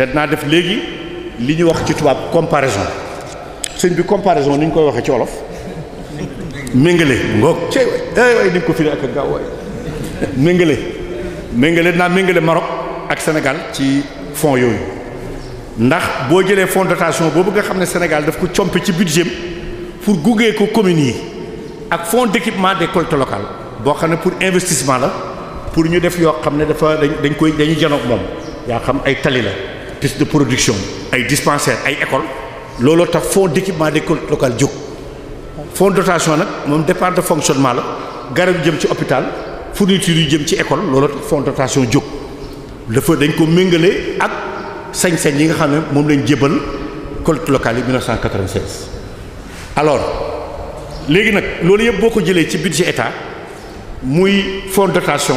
te dinaa def léegi li ñu wax ci tubaab comparaison sëñ bi comparaison ni ñu koy waxee ci olof méngale ngoog cey waay eh, ko firi ak gaaw waay méngale méngale dinaa méngale Maroc ak Sénégal ci fonds yooyu ndax boo jëlee fonds de dotation boobu nga xam ne Sénégal daf ko compe ci budget pour gugee ko communes yi ak fonds d'équipement des collectivités locales boo xam ne pour investissement la pour ñu def yoo xam ne dafa dañ dañ koy dañuy janoog moom yaa xam ay tali la piste de production ay dispensaires ay écoles looloo tax fonds d'équipement des collectivités locales jóg fonds de dotation nag moom départ de fonctionnement la garab jëm ci hôpital fourniture yu jëm ci école looloo tax fonds de dotation jóg dafa dañ ko méngale ak sañ-sañ yi nga xam ne moom lañ jébal collectivités locales yi 1996 alors léegi nag loolu yëpp boo ko jëlee ci ci état muy fonds de dotation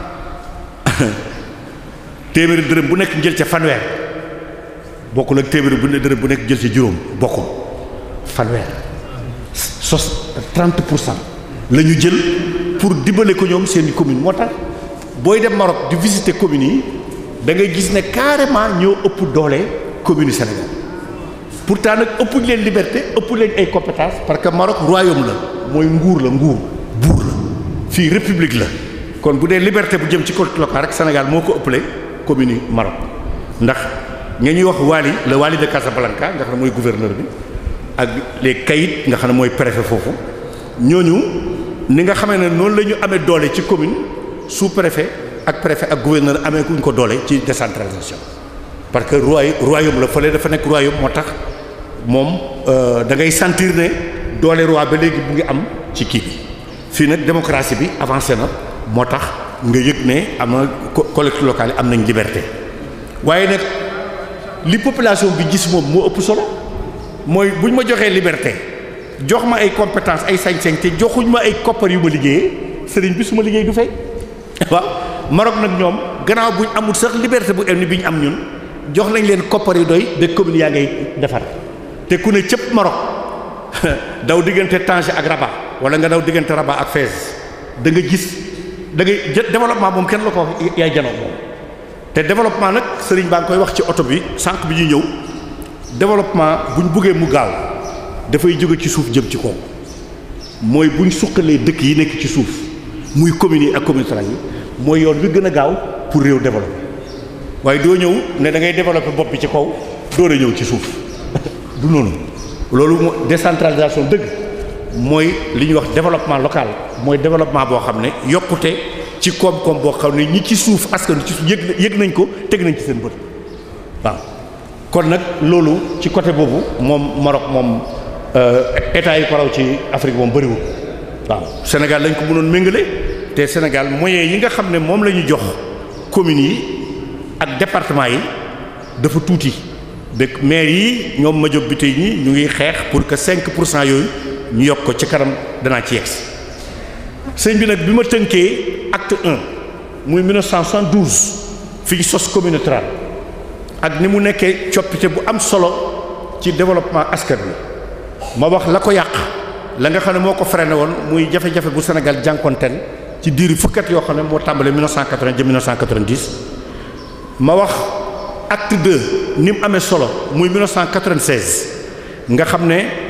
téeméeri dërëm bu nekk jël ci fanwer bokku nak téeméeri bu nekk dërëm bu nekk jël ci juróom bokku fanwer sos 30 lañu jël pour dimbale ko ñom seen commune motax boy dem Maroc di visiter commune da ngay gis né carrément ñoo ëpp doolé commune Sénégal pourtant nag ëppuñ leen liberté ëpp leen ay compétences parce que Maroc royaume la moy nguur la nguur bour la fi république la kon bu dee liberté bu jëm ci code local rek Sénégal moo ko ëppale commune yi Maroc ndax nga ñuy wax wali le wali de Casablanca nga xam ne mooy gouverneur bi ak les kayit nga xam ne mooy préfet foofu ñooñu ni nga xamee ne noonu la ñu amee doole ci commune sous préfet ak préfet ak gouverneur amee kuñ ko doole ci décentralisation parce que roi royaume la fële dafa nekk royaume moo tax moom euh, da ngay sentir ne doole roi ba léegi bu ngi am ci kii bi fii nag démocratie bi avancé na moo tax nga yëg ne am na collectivités yi am nañ liberté waaye nag li population bi gis moom moo ëpp solo mooy bu ñu ma joxee liberté jox ma ay compétence ay sañ-sañ te joxuñ ma ay koppar yu ma liggéeyee sëriñ bi su ma liggéey du fay waaw Maroc nag ñoom gannaaw bu ñu amul sax liberté bu enn bi ñu am ñun jox lañ leen koppar yu doy de commune yaa ngay defar te ku ne cëpp Maroc daw diggante Tanger ak Rabat wala nga daw diggante Rabat ak Fès da nga gis da ngay jël développement moom kenn la ko yaay janoo moom te développement nag sëriñ baa ngi koy wax ci oto bi sànq bi ñuy ñëw développement bu ñu buggee mu gaaw dafay jóge ci suuf jëm ci kaw mooy bu ñu suqalee dëkk yi nekk ci suuf muy communes yi ak communes rurales yi mooy yoon wi gën a gaaw pour réew développer waaye doo ñëw ne da ngay développer bopp bi ci kaw doo ñëw ci suuf du noonu loolu décentralisation dëgg. mooy li ñuy wax développement local mooy développement boo xam ne yokkute ci koom-koom boo xam ne ñi ci suuf askan ci yëg yëg nañ ko teg nañ ci seen bët waaw kon nag loolu ci côté boobu moom Maroc moom euh, état yi ko raw ci Afrique moom bëriwul waaw Sénégal lañ ko mënoon méngale te Sénégal moyens yi nga xam ne moom la ñu jox communes yi ak départements yi dafa tuuti dëkk maire yi ñoom ma jóg bi ñi ñu ngi xeex pour que 5 pour cent yooyu ñu yok ko ci karam dana ci yex sëñ bi nak bima teunké acte 1 muy 1972 fi ñu sos communautaire ak ni mu nekkee coppite bu am solo ci développement askan bi ma wax la ko yàq la nga xamné moko moo ko freiné woon muy jafe-jafe bu Sénégal jànkonteel ci diiru fukkat yo xamné mo tambalé 1980 1990 ma wax acte 2 n'im amé solo muy 1996 nga xamné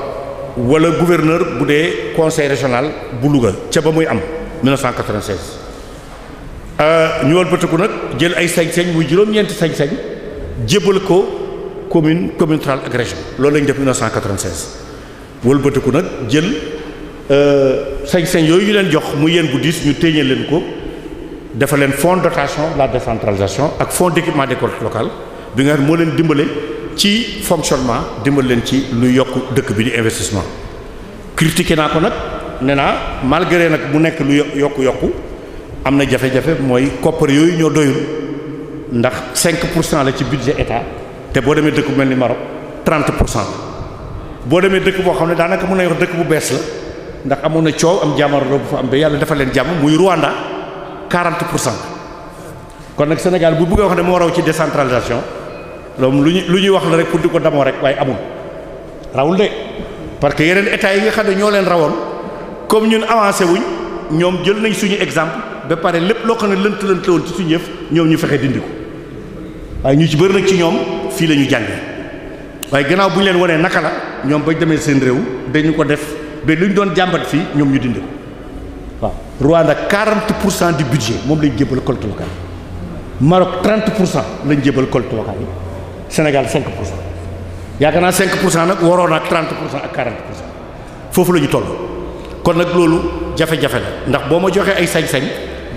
wala gouverneur bu dee conseil régional bu Louga ca ba muy am 1996. Euh, ñu wëlbatiku nag jël ay sañ-sañ muy juróom-ñeenti sañ jébbal ko commune commune centrale ak région loolu lañu def 1996 wëlbatiku nag jël euh, sañ-sañ yooyu ñu leen jox mu yéen bu diis ñu téeñal leen ko dafa leen fonds de dotation la décentralisation ak fonds d'équipement des collectivités bi nga xam moo leen dimbale. ci fonctionnement dimbal leen ci lu yokk dëkk bi di investissement critiqué naa ko nag nee naa malgré nag mu nekk lu yokku yokku am na jafe-jafe mooy koppar yooyu ñoo doyul ndax 5 pour cent la ci budget état te boo demee dëkk bu mel ni Maroc 30 pour cent boo demee dëkk boo xam ne daanaka mun na wax dëkk bu bees la ndax amoon na coow am jaamarloo bu fa am ba yàlla dafa leen jàmm muy Rwanda 40 pour cent kon nag Sénégal bu bëggee wax ne moo raw ci décentralisation. loolu lu ñu lu ñuy wax la rek pour di ko damoo rek waaye amul rawul de parce que yeneen état yi nga xam ne ñoo leen rawoon comme ñun avancé wuñ ñoom jël nañ suñu exemple ba pare lépp loo xam ne lënt lënt la woon ci suñu yëf ñoom ñu fexe dindi ko waaye ñu ci bëri nag ci ñoom fii la ñu jàngee waaye gannaaw bu ñu leen wanee naka la ñoom bañ demee seen réew dañu ko def ba lu ñu doon jàmbat fii ñoom ñu dindi ko waaw Rwanda 40 pour cent du budget moom lañ jébal collectivités locales Maroc 30 pour cent lañ jébal collectivités Sénégal 5 pour cent yaakaar naa 5 pour cent nag waroon ak 30 pour cent ak 40 foofu la ñu toll kon nag loolu jafe-jafe la ndax boo ma joxee ay sañ-sañ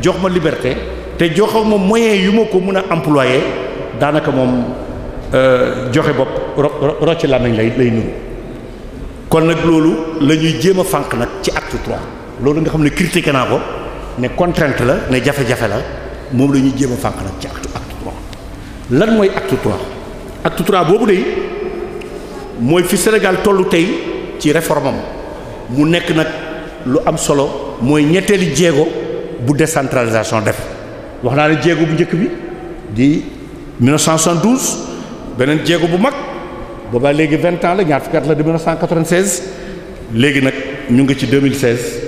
jox ma liberté te joxaw ma moyen yu ma ko mën a employé daanaka moom euh, joxe bopp ro rocc la nañ lay lay nuru kon nag loolu la ñuy jéem a fànq nag ci acte 3 loolu nga xam ne critiqué naa ko ne contrainte la ne jafe-jafe la moom la ñuy jéem a fànq nag ci acte acte 3 lan mooy acte 3 ak tutura bobu de moy fi senegal tollu tay ci réforme mu nek nak lu am solo moy ñetteli djégo bu décentralisation def wax naa ne jéego bu ñëk bi di 1972 benen djégo bu mag boba légui 20 ans la ñaar fukki la 1996 légui nak ñu ngi ci 2016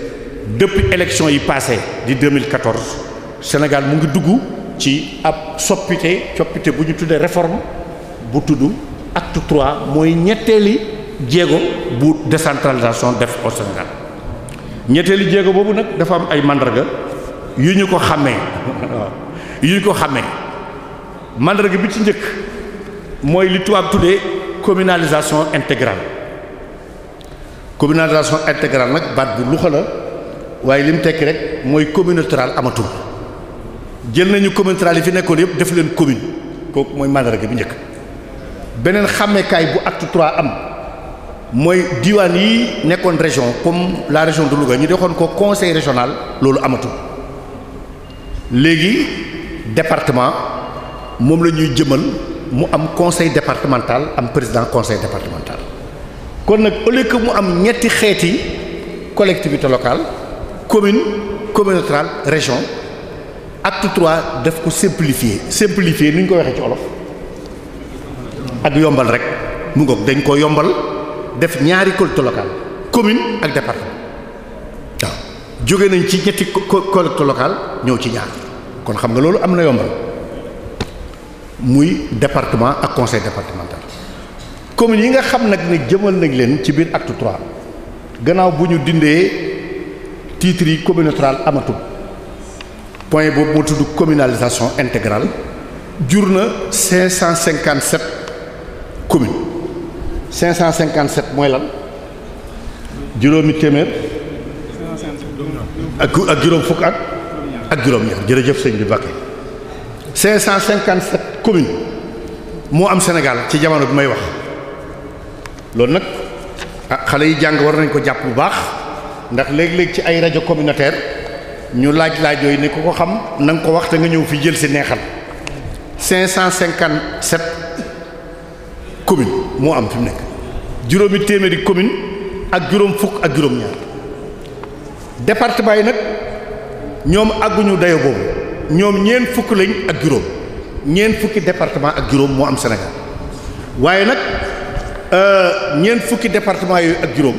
depuis élection yi passé di 2014 senegal mu ngi dugg ci ab soppite coppite bu ñu tuddee réforme bu tudd acte 3 moy ñetteli jéego bu décentralisation def au Sénégal ñetteli jéego bobu nak dafa am ay mandarga yu ñu ko xamé yu ñu ko xamé mandarga bi ci ñëk moy li tubaab tudé communalisation intégrale communalisation intégrale nak baat bu luxa la waaye lim tek rek moy communautaire amatul jël nañu communautaire fi nekkol yëpp def leen commune kooku moy mandarga bi ñëk xamé kay bu acte 3 am moy diwan yi région comme la région de Louga ñu defoon ko conseil régional loolu amatu légui département mom lañuy jëmmal mu am conseil départemental am président conseil départemental kon au lieu mu am ñetti collectivité locale commune commune région acte 3 doit ko simplifier simplifier niñ ko waxé ci ak yombal rek mu ngoog dañ koo yombal def ñaari collectivité locale commune ak département waaw jóge nañ ci ñetti collectivité locale ñëw ci ñaar kon xam nga loolu am na yombal muy département ak conseil départemental communes yi nga xam nag ne jëmal nañ leen ci biir acte 3 gannaaw bu ñu dindee titres yi communautaire amatul point boobu moo tudd communalisation intégrale jur na commune 557 mooy lan juróomi téeméer ak ak juróom fukk ak ak juróom ñaar jërëjëf sëñ bi Mbàkke 557 commune moo am Sénégal ci jamono bi may wax loolu nag ah xale yi jàng war nañ ko jàpp bu baax ndax léeg-léeg ci ay rajo communautaire ñu laaj laaj yooyu ne ko xam ko wax te nga fi jël neexal 557 commune moo am fi mu nekk juróomi téeméeri commune ak juróom fukk ak juróom ñaar département yi nag ñoom àgguñu dayo boobu ñoom ñeent fukk lañ ak juróom ñeent fukki département ak juróom moo am Sénégal waaye nag euh, ñeen fukki département yooyu ak juróom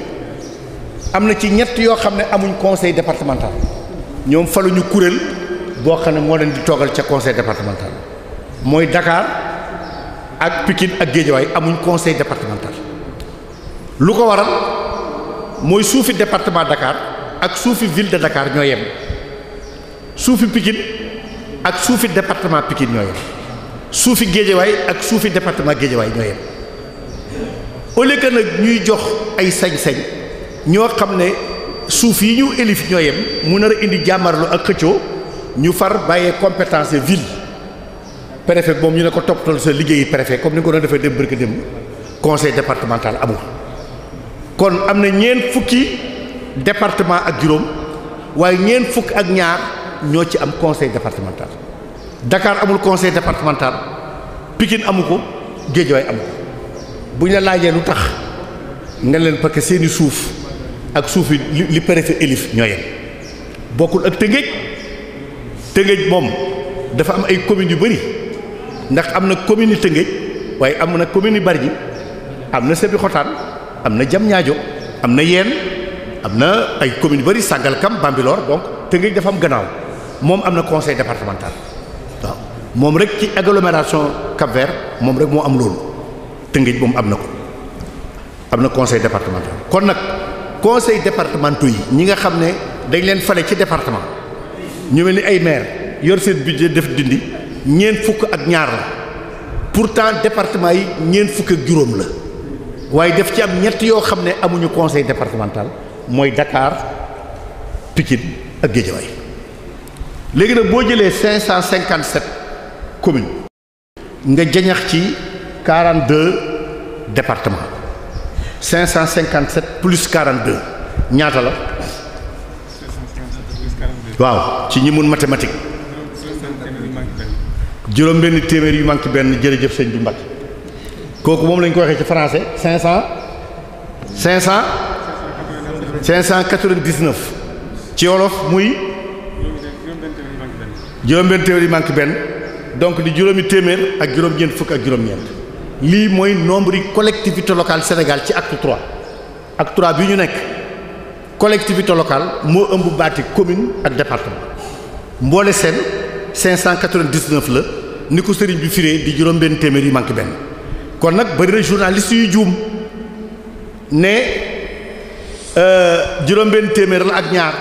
am na ci ñett yoo xam ne amuñ conseil départemental ñoom faluñu kurél boo xam ne moo leen di toogal ca conseil départemental mooy Dakar ak Pikine ak Guédiawaye amuñ conseil départemental lu ko waral mooy suufi département Dakar ak suufi ville de Dakar ñoo yem suufi Pikine ak suufi département Pikine ñoo yem suufi Guédiawaye ak suufi département Guédiawaye ñoo yem ole lieu nag ñuy jox ay sañ-sañ ñoo xam ne suuf yi ñu élif ñoo yem mu nar a indi jàmmarlu ak xëccoo ñu far bàyyee compétence ville. préfet moom ñu ne ko toppatoo sa liggéeyu préfet comme ni ko doon defee dem bërki dem conseil départemental amul kon am na ñeent fukki département ak juróom waaye ñeent fukk ak ñaar ñoo ci am conseil départemental Dakar amul conseil départemental Pikine amu ko Guédiawaye amu ko bu ñu la laajee lu tax nga leen parce que seeni suuf ak suuf yi li li préfet élif ñoo yem bokkul ak Tëngéej Tëngéej moom dafa am ay communes yu bari ndax am na commune Tëngéej waaye am na commune Bargny am na Sébikotane am na jam ñaajo am na Yène am na ay commune bari Sangalkam Bambilor donc Tëngéej dafa am gannaaw moom am na conseil départemental waaw moom rek ci agglomération Cap-Vert moom rek moo am loolu Tëngéej moom am na ko am na conseil départemental kon nag conseil départementaux yi ñi nga xam ne dañ leen fale ci département ñu mel ni ay maire yor seen budget def dindi ñeent fukk ak ñaar la pourtant département yi ñeent fukk ak juróom la waaye def ci am ñett yoo xam ne amuñu conseil départemental mooy Dakar Pikine ak Guédiawaye léegi nag boo jëlee cinq cent cinquante sept communes nga jañax ci quarante deux départements cinq cent cinquante sept plus deux ñaata la waaw ci ñi mun mathématique djelom ben témer yu manki ben jere jeuf seigne bi mbacke koku mom lañ ko waxe ci français 500 500 599 ci olof muy djelom ben témer yu manki ben donc di djelom témer ak djelom gen fuk ak djelom ñet li moy nombre collectivité locale sénégal ci acte 3 acte 3 bi ñu nek collectivité locale mo eumbu batti commune ak département mbolé sène 599 la niko serigne bi firee di juróom benn téeméer yu manqué benn kon nak bari na journaliste yu juum ne euh, juróom benn téeméer la ak ñaar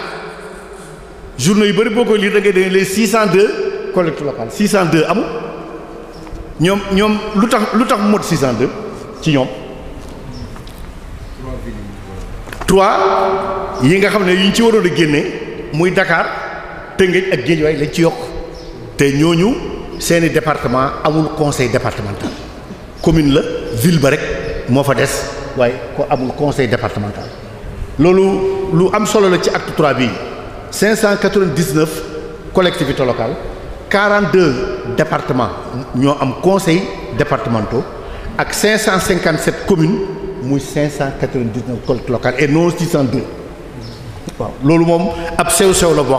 journaux yu bari boko li da ngay demee les 602 collecte locale 602 amul ñom ñom lutax lutax mod 602 ci ñom 3 yi nga xamné ne ci waroon de génne muy Dakar Tëngéej ak Guédiawaye lañ ci yokk té ñooñu seeni département amul conseil départemental commune la ville ba rek moo fa conseil départemental Nous lu am solo la ci 3 599 collectivités locales 42 départements ont am conseil départementaux ak 557 communes ont 599 collectivités locales et non 602 waaw loolu ab sew sew la bo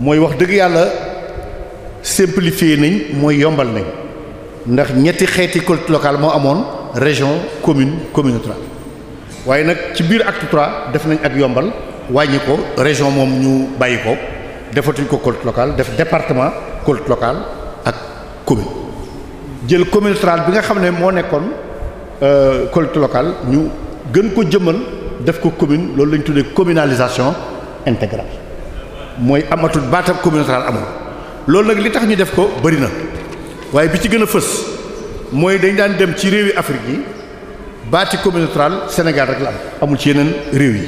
moy wax deug yalla simplifier nañ moy yombal nañ ndax ñetti xéti région commune commune rurale locales ci biir acte 3 def nañ ak yombal région mom ñu bayiko defatuñ def département collectivité local, ak commune jël communauté bi nga xamné mo des euh, communes, nous local, ñu gën ko def ko commune loolu lañ communalisation intégrale mooy amatul baatab communautaire amul loolu nag li tax ñu def ko bëri na waaye bi ci gën a fës mooy dañ daan dem ci réewi Afrique yi baati communautaire Sénégal rek la am amul ci yeneen réew yi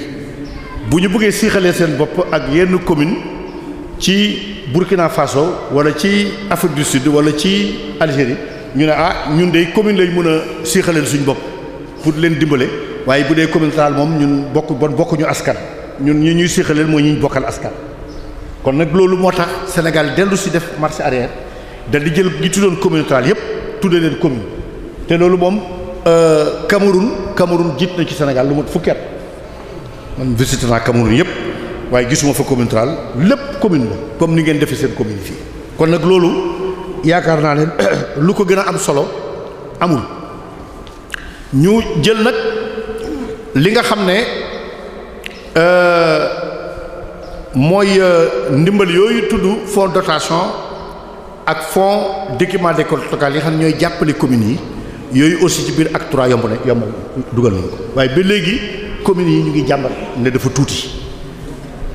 bu ñu bëggee siixalee seen bopp ak yenn commune ci Burkina Faso wala ci Afrique du Sud wala ci Algérie ñu ne ah ñun dey commune lañ mën a siixaleel suñu bopp pour leen dimbale waaye bu dee communautaire moom ñun bokk bon bokkuñu askan ñun ñi ñuy siixaleel mooy ñu bokkal askan. kon nag loolu moo tax Sénégal dellu def marché arrière dal di jël ñi tuddoon communautal yépp tudde leen commune te loolu moom euh, Cameroun Cameroun jiit na ci Sénégal lu mat fukki at man visité naa Cameroun yépp waaye gisuma fa communautal lépp commune la comme ni ngeen defee seen commune fii kon nag loolu yaakaar naa leen lu ko gën am solo amul ñu jël nag li nga xam ne euh, mooy euh, ndimbal yooyu tudd fonds dotation ak fonds d'équipement des collectivités yi xam ne ñooy jàppale communes yi yooyu aussi ci biir acte trois yomb na yomb dugal nañ ko waaye ba léegi communes yi ñu ngi jàmbat ne dafa tuuti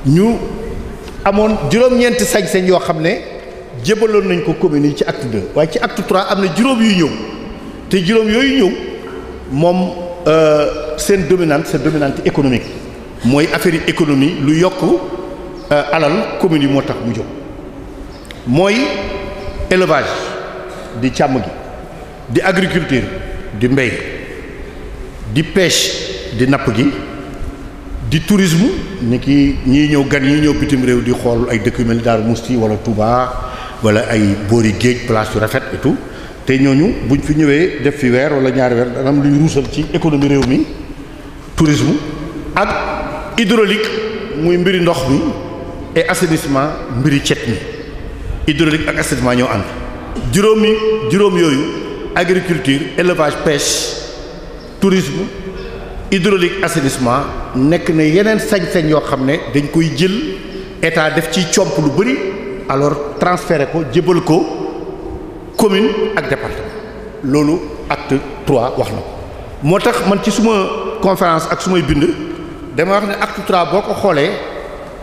ñu amoon juróom-ñeenti sañ-sañ yoo xam ne jébaloon nañ ko communes yi ci acte deux waaye ci acte trois am na juróom yuy ñëw te juróom yooyu ñëw moom euh, seen dominante seen dominante économique mooy affaire économie lu yokk Euh, alal communes yi mu jóg moy élevage di cham gi di agriculture di di pêche di nap gi di tourisme ni ki ñii gan ñii ñew bitim rew di xol ay dëkk yu mel wala Touba wala ay bori geej place rafet et tout te ñooñu buñ fi ñëwee def fi weer wala ñaar ci économie mi tourisme ak hydraulique muy mbiri et assainissement mbiri cet hydraulique ak assainissement ñoo and juromi juróom yoyu agriculture élevage pêche tourisme hydraulique assainissement nek na yenen sañ-sañ yo xam dañ koy jël état def ci comp lu bari alors transférer ko jébal ko commune ak département lolu acte 3 waxna motax man ci suma conférence ak sumay bind dama wax ni acte 3 boko xolé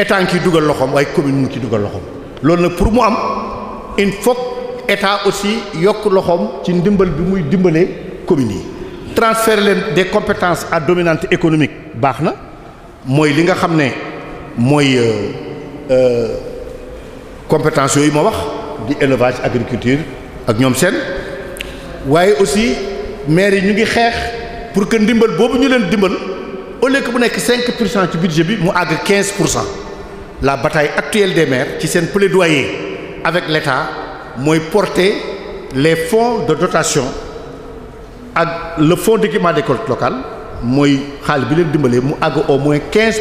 état qui dougal loxom way commune mu ngi ciy dugal loxoom loolu pour mu am il faut état aussi yok loxom ci ndimbal bi muy dimbalee commune transférer des compétences à dominante économique baxna moy li nga xam ne euh, euh compétences yooyu mo wax di élevage agriculture ak ñom sen waye aussi maire yi ñu ngi xex pour que ndimbal bobu ñu leen dimbal au lieu que bu nek 5 ci budget bi mu ag 15 la bataille actuelle des maires qui s'est plaidoyer avec l'État mooy porter les fonds de dotation le fonds d'équipement des collectivités locales mooy bi au moins 15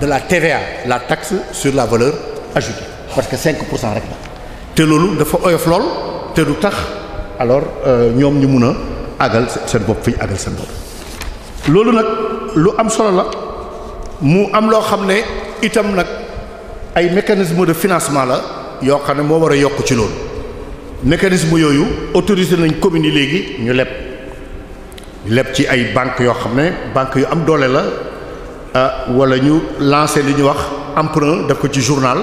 de la TVA la taxe sur la valeur ajoutée parce que 5 c'est cent rek la te loolu dafa oyof lool du tax alors nous euh, ñu mëna agal àggal seen fi agal àggal seen lolu nak lu am solo la mu am lo xamné itam ay mécanisme de financement la yoo xam ne moo war a yokk ci loolu mécanisme yooyu autorisé nañ communes yi léegi ñu leb leb ci ay banques yoo xam ne banque yu am doole la ah, wala ñu lancé li ñuy wax emprunt def ko ci journal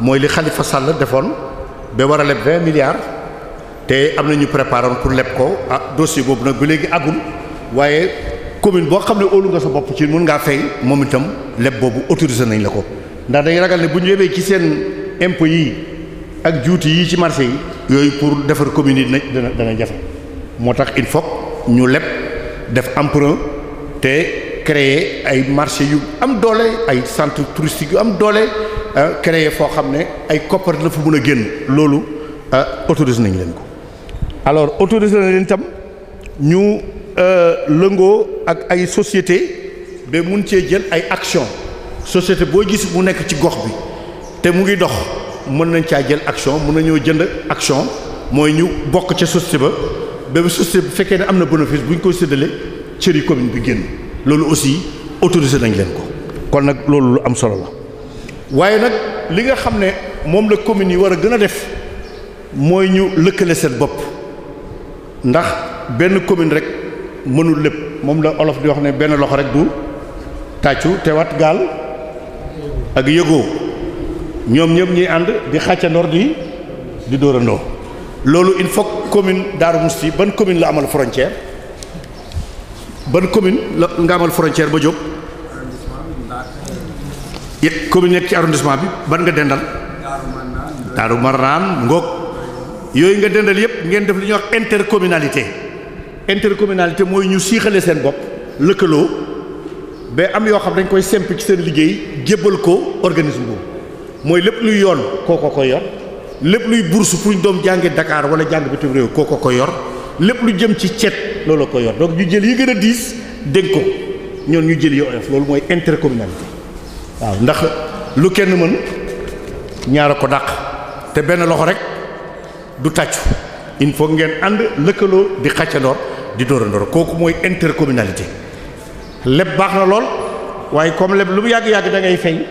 mooy li Khalifa Sall defoon ba war a leb vingt milliards te am na ñu préparé pour leb ko ah dossier boobu nag ba léegi àggul waaye commune boo xam ne óolu nga sa bopp ci mun ngaa fay moom itam leb boobu autorisé nañ la ko. ndax dañuy ragal ne bu ñu yóbbee ci seen impôts yi ak juuti yi ci marché yi yooyu pour defar commune yi dana dana jafe moo tax il faut ñu leb def emprunt te créer ay marché yu am doole ay centre touristique yu am doole ah, créer foo xam ne ay koppar la fu mën a génn loolu ah, autorisé nañ leen ko alors autorisé nañ leen itam ñu euh, lëngoo ak ay société ba mun cee jël ay action société boo gis mu nekk ci gox bi te mu ngi dox mën nañ caa jël action mën nañoo jënd action mooy ñu bokk ca société ba ba société bu fekkee ne am na bénéfice bu ñu koy séddalee cër yi commune bi génn loolu aussi autorisé nañ leen ko kon nag loolu lu am solo la waaye nag li nga xam ne moom la communes yi war a gën a def mooy ñu lëkkale seen bopp ndax benn commune rek mënul lépp moom la olof di wax ne benn loxo rek du tàccu te wat gaal ak yëgoo ñoom ñëpp ñuy ànd di xàccandoor di di dóorandoo loolu il faut commune Darou Mouhty ban commune la amal frontière ban commune la nga amal frontière ba jóg commune nekk ci arrondissement bi ban nga dendal Darou Marnane Ngok yooyu nga dendal yëpp ngeen def li ñuy wax intercommunalité intercommunalité mooy ñu siixale seen bopp lëkkaloo mais am yoo xam dañ koy semp ci seen liggéey jébbal ko organisme boobu mooy lépp luy yoon kooko ko yor lépp luy bourse pour ñu doom jànge ndakaar wala jàng bitim réew kooko ko yor lépp lu jëm ci cet loolu ko yor donc ñu jël yi gën a diis dénk ko ñoon ñu jël yi oyof loolu mooy intercommunalité waaw ndax lu kenn mën ñaar a ko dàq te benn loxo rek du tàccu il faut ngeen ànd lëkkaloo di xàccandoor di dóorandoor kooku mooy intercommunalité leb baax na lool waaye comme leb lu yàgg-yàgg dangay ngay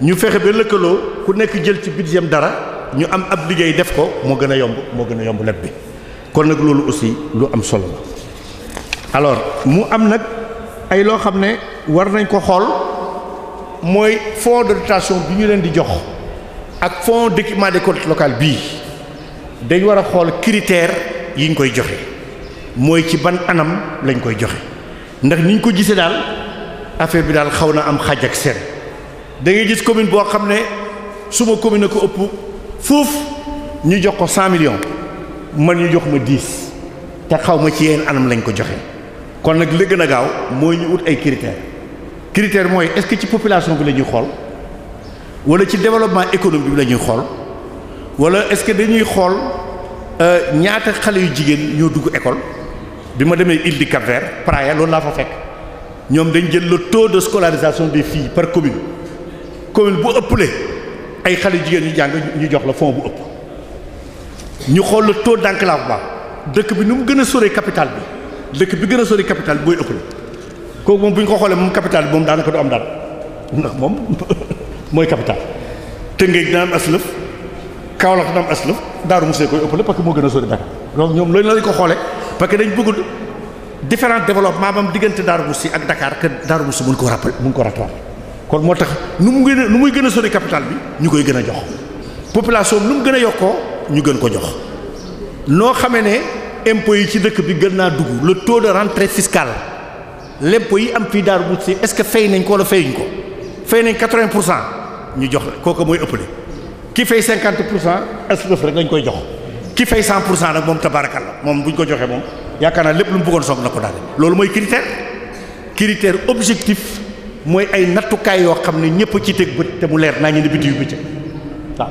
ñu fexe ba lëkkaloo ku nekk jël ci budget dara ñu am ab liggéey def ko moo gën a yomb moo gën a yomb leb bi kon nag loolu aussi lu am solo la alors mu am nag ay loo xam ne war nañ ko xool mooy fonds de dotation bi ñu leen di jox ak fonds d'équipement des collectivités locales bii dañ war a xool critères yi ñu koy joxe mooy ci ban anam lañ koy joxe ndax niñ ko gisee daal affaire bi daal xaw na am xaj ak seen da ngay gis commune boo xam ne suma commune a ko ëpp fuuf ñu jox ko cent millions man ñu jox ma dix te xaw ma ci yenn anam lañ ko joxe kon nag li gën a gaaw mooy ñu ut ay critères critères mooy est-ce que ci population bi la ñuy xool wala ci développement économique bi la ñuy xool wala est-ce que dañuy xool euh, ñaata xale yu jigéen ñoo dugg école. bima ma demee île du Cap-Vert Praia loolu laa fa fek ñom dañ jël le taux de scolarisation des filles par commune commune bu ëppalee ay xalé jigéen ñu jang ñu jox la fond bu ëpp ñu xol le taux d'enclave ba dëkk bi numu gëna gën a capital bi dëkk bi gëna a sore capital bi booy ëppale kooku moom bu ko xolé mom capital bi da naka du am dara ndax moom mooy capital Tëngéej dina am aslëf Kaolack dañ am aslëf Daaru Musse koy ëppale parce que mo gëna a Dakar donc ñoom loolu la ko xolé parce que dañ bëgg différent développement bam diggante Darou Moussi ak Dakar que Darou Moussi mun ko rappel mun ko rattraper kon moo tax nu mu gën a nu muy gën a sori capital bi ñu koy gën a jox population bi nu mu gën a yokkoo ñu gën ko jox noo xamee ne impôts yi ci dëkk bi gën naa dugg le taux de rentrée fiscale l'impôt yi am fii Darou si est-ce que fay nañ koo la fayuñ ko fay nañ 80 pour cent ñu jox kooku mooy ëppale ki fay 50 pour cent est-ce rek lañ koy jox. ki fay 100 pour cent nag moom tabaarakalla moom bu ñu ko joxee moom yaakaar naa lépp lu mu bëggoon soog na ko daal loolu mooy critère critère objectif mooy ay nattukaay yoo xam ne ñëpp ci teg bët te mu leer naa ñu ne biti yu bëccëg waaw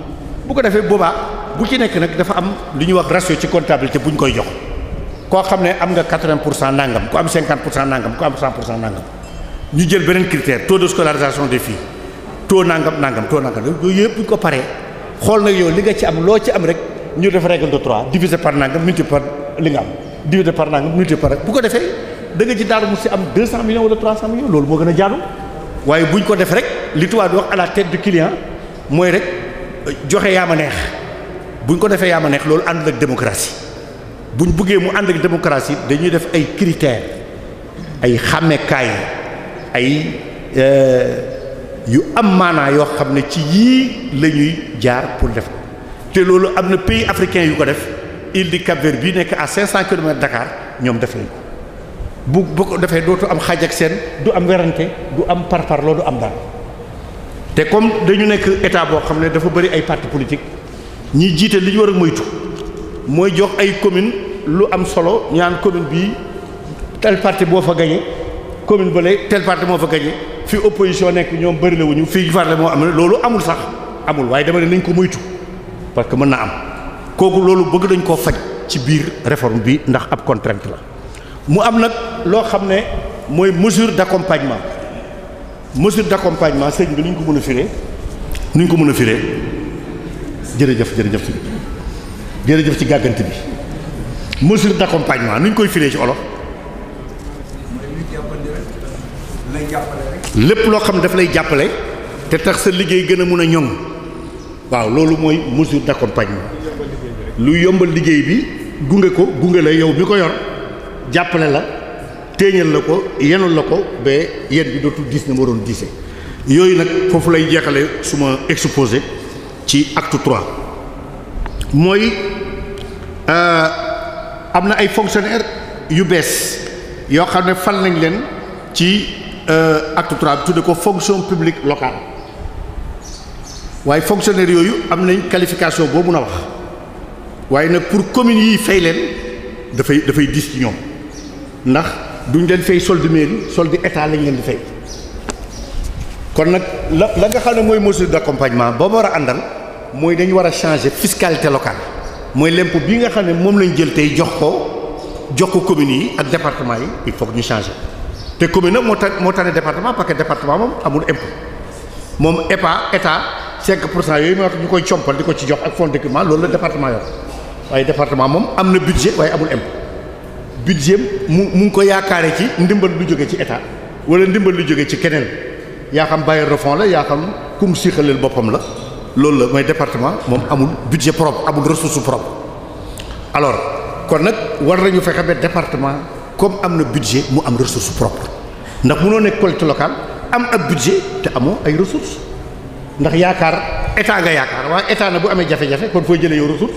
bu ko defee boobaa bu ci nekk nag dafa am lu ñuy wax ratio ci comptabilité bu ñu koy jox koo xam ne am nga 80 pour cent nangam ku am 50 pour cent nangam ku am 100 pour cent nangam ñu jël beneen critère taux de scolarisation des fi taux nangam nangam taux nangam yooyu yëpp bu ñu ko paree xool ci am loo ci am ñu def règle de trois divisé par nangam multiplié par li nga am divisé par nangam multiplié par bu ko defee da nga ci daal mu si am 200 millions wala 300 millions loolu moo gën a jaadu waaye bu buñ ko def rek li tubaab di wax à la tête du client mooy rek euh, joxe yaa ma neex buñ ko defee yaa ma neex loolu ànd ak bu buñ buggee mu ànd ak démocratie dañuy def ay critères ay xàmmekaay ay euh, yu am maanaa yoo xam ne ci yii la jaar pour def. té loolu amna pays africain yu ko def île du Cap-Vert bii nekk à 500 kilomètres Dakar ñom def nañ ko bu bu ko defee dootu am xaaj ak seen du am werante du am parpar loolu du am dal té comme dañu nek état bo xamné dafa bëri ay parti politique ñi jité li ñu war moytu moy jox ay commune lu am solo ñaan commune bi tel parti bo fa gañe commune bële tel parti mo fa gañe fi opposition nek ñom bëri la wuñu fi farle mo am lolu amul sax amul waye dama ne nañ ko moytu parce que mën na am kooku loolu bëgg dañ koo faj ci biir réforme bi ndax ab contrainte la mu am nag loo xam ne mooy mesure d'accompagnement mesure d'accompagnement sëñ bi lu ñu ko mën a firee nu ñu ko mën a firee jërëjëf jërëjëf ci jërëjëf ci gàggante bi mesure d'accompagnement nu ñu koy firee ci olof lépp loo xam ne daf lay jàppale te tax sa liggéey gën a mun a ñoŋ waaw loolu mooy mesure d'accompagnement lu yombal liggéey bi gunge ko gunge la yow mi ko yor jàppale la téeñal la ko yenul la ko ba yen bi dootul diis na ma waroon diise yooyu nag foofu lay jeexale suma exposé ci acte trois mooy euh, am na ay fonctionnaires yu bees yoo xam ne fal nañ leen ci euh, acte trois bi tudde ko fonction publique locale waaye fonctionnaire yooyu am nañ qualification boo mun a wax waaye nag pour communes yi fay leen dafay dafay dis ci ñoom ndax duñ leen fay solde mairie solde état lañ leen di fay kon nag la la nga xam ne mooy mesure d'accompagnement ba ma war a àndal mooy changer fiscalité locale mooy l'impôt bi nga xam ne moom lañ jël tey jox ko jox ko communes yi ak département yi il faut que changer te commune nag moo tax moo tax département parce que département moom amul impôt moom EPA état. cinq pour cent yooyu moo tax ñu koy compal di ko ci jox ak fonds d'équipement loolu la département yor waaye département moom am na budget waaye amul impôt budget mu mu ngi ko yaakaare ci ndimbal lu jóge ci état wala ndimbal lu jóge ci keneen yaa xam bailleur de la yaa xam kum siixaleel boppam la loolu la mooy département moom amul budget propre amul ressource propre alors kon nag war nañu fexe ba département comme am na budget mu am ressource propre ndax mënoo nekk collectivité am ab budget te amoo ay ressources ndax yaakaar état nga yaakaar waaye état na bu amee jafe-jafe kon fooy jëlee yow ressource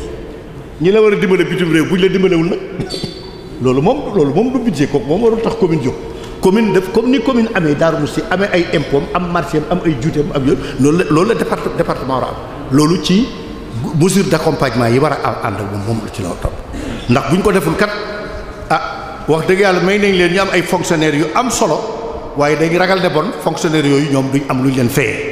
ñi la war a dimbale bitim réew bu ñu la dimbalewul nag loolu moom loolu moom du budget kooku moom warul tax commune jóg commune def comme ni commune amee Darou Mousty amee ay impôts am marché am ay juuteem am yooyu loolu la loolu la département war a am loolu ci mesure compagnement yi war a ànd ak moom moom la ci la topp ndax bu ñu ko deful kat ah wax dëgg yàlla may nañ leen ñu am ay fonctionnaires yu am solo waaye dañuy ragal ne bon fonctionnaires yooyu ñoom duñ am luñ leen fayee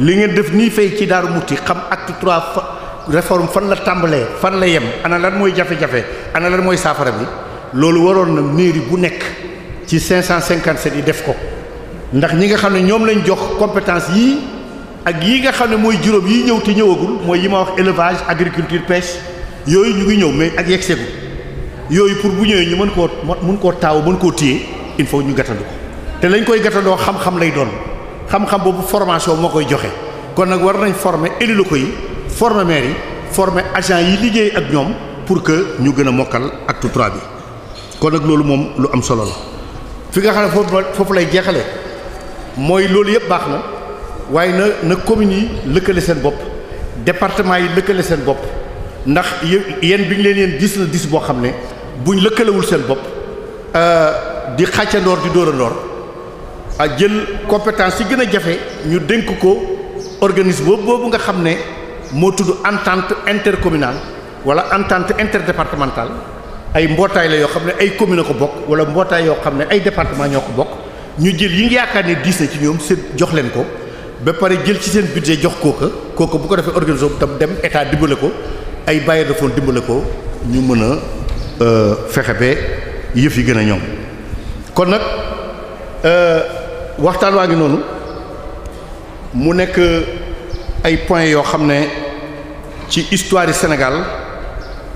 li ngeen def nii fay ci Daaru Muxti xam acte trois réforme fan la tàmbalee fan la yem ana lan mooy jafe-jafe ana mooy saafara bi loolu waroon na mairie bu nekk ci 557 yi def ko ndax ñi nga xam ne ñoom lañ jox compétence yii ak yii nga xam ne mooy juróom yi ñëw te ñëwagul mooy yi ma wax élevage agriculture pêche yooyu ñu ngi ñëw mais ak yegg yooyu pour bu ñëwee ñu mën koo mën koo taaw mën koo téye il faut ñu gàttandu ko te lañ koy gatandoo xam-xam lay doon. xam-xam bobu formation mo koy joxe kon nak war nañ former élu locaux yi former maire yi former agent yi liggéey ak ñom pour que ñu gëna mokal ak tout trois bi kon nak lolu mom lu am solo la fi nga xam ne foofu lay jéxalé moy lolu yépp baxna way na na commune yi lëkkale sen bop département yi lëkkale sen bop ndax yeen bi leen yéen gis na bo xamné buñ ne wul sen bop euh di xàccandoor di dóorandoor a jël compétence yi gën a jafe ñu dénk ko organisme boobu nga xam ne moo tudd entente intercommunale wala entente interdépartementale ay mbootaay la yoo xam ne ay commune a ko bokk wala mbootaay yoo xam ne ay département ñoo ko bokk ñu jël yi ngi yaakaar ne diis na ci ñoom si jox leen ko ba pare jël ci seen budget jox kooka kooka bu ko defee organisme tam dem état dimbale ko ay bailleurs de fonds dimbale ko ñu mën a euh, fexe ba yëf yi gën a ñoom kon nag euh, waxtan waa nonu mu nek ay points yo xam ci histoire du Sénégal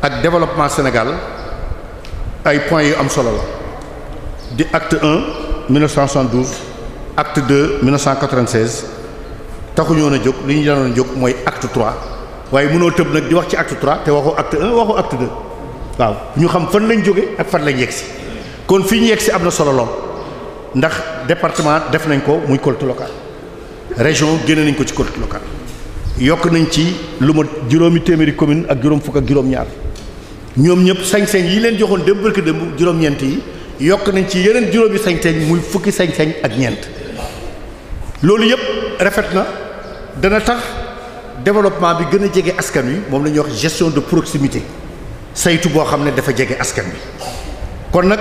ak développement Sénégal ay points yu am solo la di acte 1 1972 acte 2 1996 taxu ñu na jóg li ñu danoon jóg moy acte 3 waye mëno teub nak di wax ci acte 3 té waxo acte 1 waxo acte 2 waaw ñu xam fan lañ joggé ak fan lañ yexsi kon fi ñu yexsi amna solo lool ndax département def nañ ko muy collecte locale région génne nañ ko ci collecte locale yokk nañ ci lu ma juróomi téeméeri commune ak juróom fukk ak juróom-ñaar ñoom ñëpp sañ-sañ yi leen joxoon démb barki démb juróom-ñeent yi yokk nañ ci yeneen juróomi sañ-sañ muy fukki sañ-sañ ak ñeent loolu yëpp rafet na dana tax développement bi gën a jege askan wi moom la ñuy wax gestion de proximité saytu boo xam ne dafa jege askan bi kon nag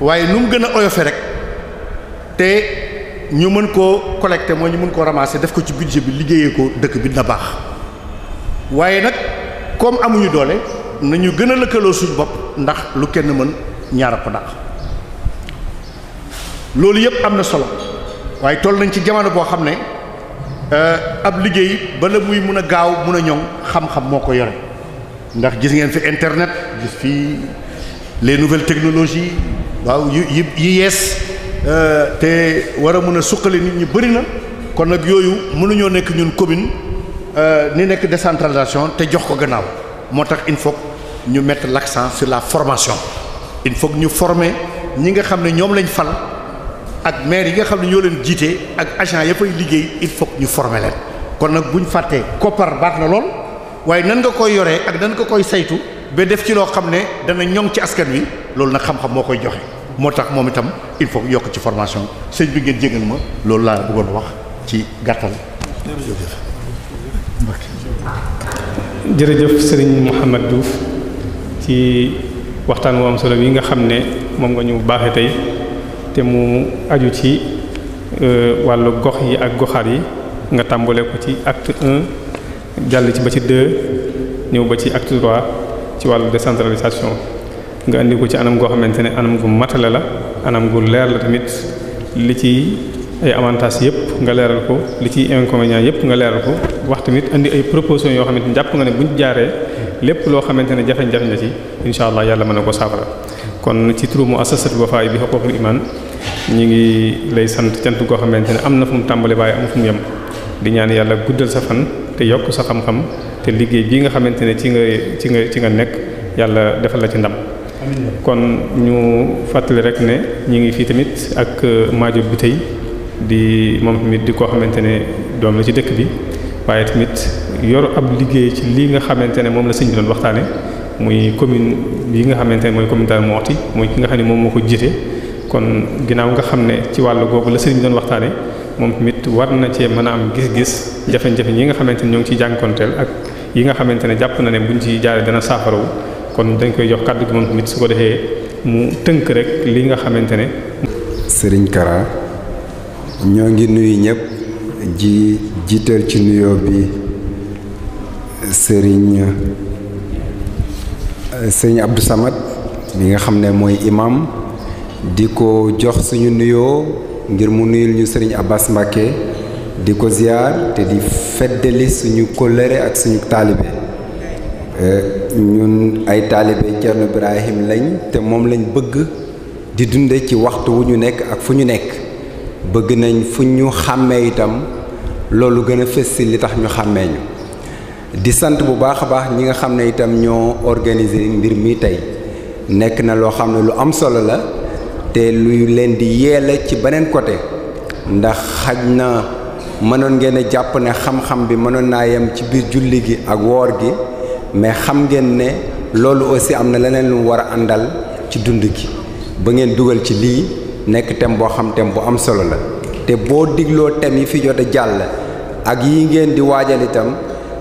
waaye nu mu gën a oyofe rek te ñu mën koo collecté mooy ñu mën koo ramasser def ko ci budget bi liggéeyee ko dëkk bi dina baax waaye nag comme amuñu doole nañu gën a lëkkaloo suñu bopp ndax lu kenn mën ñaar a ko dàq loolu yëpp am na solo waaye toll nañ ci jamono boo xam ne euh, ab liggéey bala muy mun a gaaw mun a ñoŋ xam-xam moo ko yore ndax gis ngeen fi internet gis fi les nouvelles technologies waaw yu yi yi euh, te wara a mën suqali nit ñi bëri na kon yoyu mënu mënuñoo nekk ñun commune euh, ni nekk décentralisation té jox ko gënaaw motax il faut ñu mettre l'accent sur la formation il faut ñu former ñi nga xamné ñom ñoom lañ fal ak maire yi nga xamné ñoo leen jité ak agent ya fay liggéey il faut ñu former leen kon nak buñ faté copar baax na lool waye nan nga koy yoré ak nan nga koy saytu ba def ci loo xam ne dana ñoŋ ci askan wi loolu nag xam-xam moo koy joxe moo tax moom itam il faut yokk ci formation sëñ bi ngeen jégal ma loolu laa bëggoon wax ci gàttal. jërëjëf sëriñ Mouhamed Diouf ci waxtaan wu am solo yi nga xam ne moom nga ñu baaxee tey te mu aju ci euh, wàllu gox yi ak goxaat yi nga tàmbale ko ci acte jàll ci ba ci deux ñëw ba ci acte trois. ci wàllu décentralisation nga indi ko ci anam goo xamante ne anam gu matale la anam gu leer la tamit li ci ay avantages yëpp nga leeral ko li ci inconvénients yëpp nga leeral ko wax tamit indi ay propositions yoo xamante ne jàpp nga ne buñ jaaree lépp loo xamante ne jafe-jafe la ci incha allah yàlla mën na ko saafara kon ci turu muassasat Wafa bi huququl iman ñi ngi lay sant cant goo xamante ne am na fu mu tàmbali waaye am fu mu yam di ñaan yàlla guddal sa fan te yokk sa xam te liggéey bii nga xamante ne ci nga ci nga ci nga nekk yàlla defal la ci ndam kon ñu fàttali rek ne ñu ngi fii tamit ak maajo bu tey di moom tamit di koo xamante ne doom la ci dëkk bi waaye tamit yor ab liggéey ci lii nga xamante ne moom la sëñ bi doon waxtaane muy commune yi nga xamante ne mooy commune Darou Moukhty mooy ki ne moom moo ko jiite kon ginnaaw nga xam ne ci wàll googu la sëñ bi doon waxtaane moom tamit war na cee mën a am gis-gis jafe-jafe yi nga xamante ñoo ngi ciy jànkonteel ak yi nga xamante ne jàpp na ne buñ ci dana saafarawu kon dañ koy jox kàddu gi su ko mu tënk rek li nga xamante ne kara ñoo ngi nuyu ñëpp ji jiital ci nuyoo bi sëriñ euh, sëriñ abdou samad bi nga xam imam di ko jox suñu nuyoo ngir mu nuyul ñu sëriñ abbas mbàkke di ko ziar te di feddali suñu kóllëre ak suñu taalibe eh, ñun ay taalibe Thierno Ibrahim lañ te moom lañ bëgg di dunde ci waxtu wu ñu nekk ak fu ñu nekk bëgg nañ fu ñu xàmmee itam loolu gën a fës si li tax ñu xàmmeeñu di sant bu baax a baax ñi nga xam ne itam ñoo organiser mbir mi tey nekk na loo xam ne lu am solo la te luy leen di yeele ci beneen côté ndax xaj na mënoon ngeen a jàpp ne xam-xam bi mënoon naa yem ci biir julli gi ak woor gi mais xam ngeen ne loolu aussi am na leneen lu war a àndal ci dund gi ba ngeen dugal ci lii nekk thème boo xam thème bu am solo la te boo digloo thème yi fi jot a jàll ak yi ngeen di waajal itam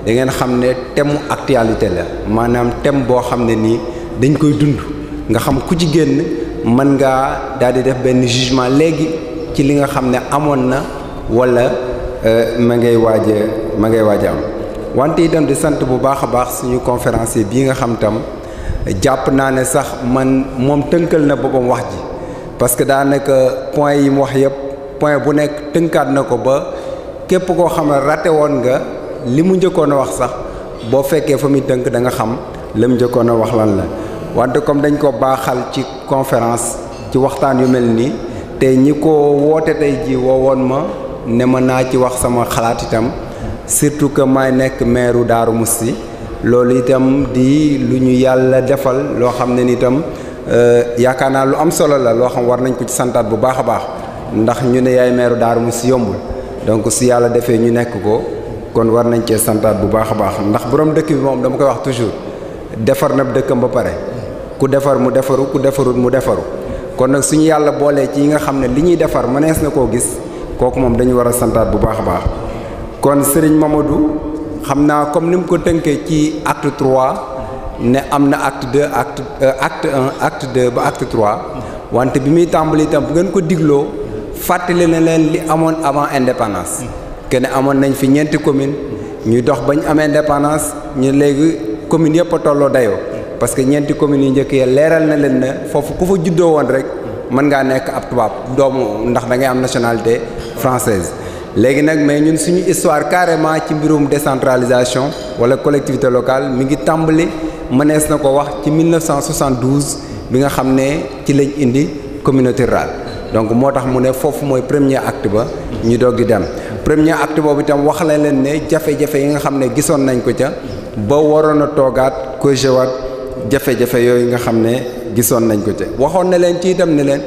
da ngeen xam ne temu mu actualité la maanaam thème boo xam ne nii dañ koy dund nga xam ku ci génn mën ngaa daal di def benn jugement léegi ci li nga xam ne amoon na wala. Euh, ma ngay waaj ma ngay waaj a am wante dam di sant bu baax a baax suñu conférencier bii nga xam tam jàpp naa ne sax man moom tënkal na boppam wax ji parce que daanaka point yi mu wax yëpp point bu nekk tënkaat na ko ba képp koo xam ne woon nga li mu njëkkoon a wax sax boo fekkee fa muy tënk da nga xam li mu njëkkoon a wax lan la wante comme dañ ko baaxal ci conférence ci waxtaan yu mel nii te ñi ko woote tey ji woon ma ne ma naa ci wax sama xalaat itam surtout que may nekk maire Daaru si loolu itam di lu ñu yàlla defal loo xam ne ni itam euh, yaakaar naa lu am solo la loo xam war nañ ko ci santaat bu baax a baax ndax ñu ne yaay meeru Daaru Musti yombul donc su yàlla defee ñu nekk ko kon war nañ cee santaat bu baax a baax ndax borom dëkk bi moom dama koy wax toujours defar na dëkkam ba pare ku defar mu defaru ku defarut mu defaru kon nag suñu yàlla boolee ci yi nga xam ne li ñuy defar mënees na koo gis kooku moom dañu war a santaat bu baax a baax kon Serigne Mamadou xam comme ni ko tënkee ci acte 3 ne amna na acte 2 acte euh, acte 1 acte 2 ba acte 3 wante bi muy tàmbali itam bu ngeen ko digloo fàttali na leen li amoon avant indépendance kenn amoon nañ fi ñeenti commune ñu dox bañ am indépendance ñu léegi commune yëpp a tolloo parce que ñeenti communes yi njëkk ya leeral na leen ne foofu ku fa juddoo rek mën ngaa nekk ab tubaab doomu ndax da ngay am nationalité française Légui nak mais ñun suñu histoire carrément ci mbirum décentralisation wala collectivité locale mi ngi tambalé menes na ko wax ci 1972 bi nga xamné ci lañ indi communauté rurale donc motax mu né fofu moy premier acte ba ñu doog dem premier acte bobu itam wax la leen né jafé jafé yi nga xamné ne nañ ko ca ba waroon a toogaat ko jewaat jafé jafe yooyu nga xamné ne nañ ko ca Waxon na leen ci itam ne leen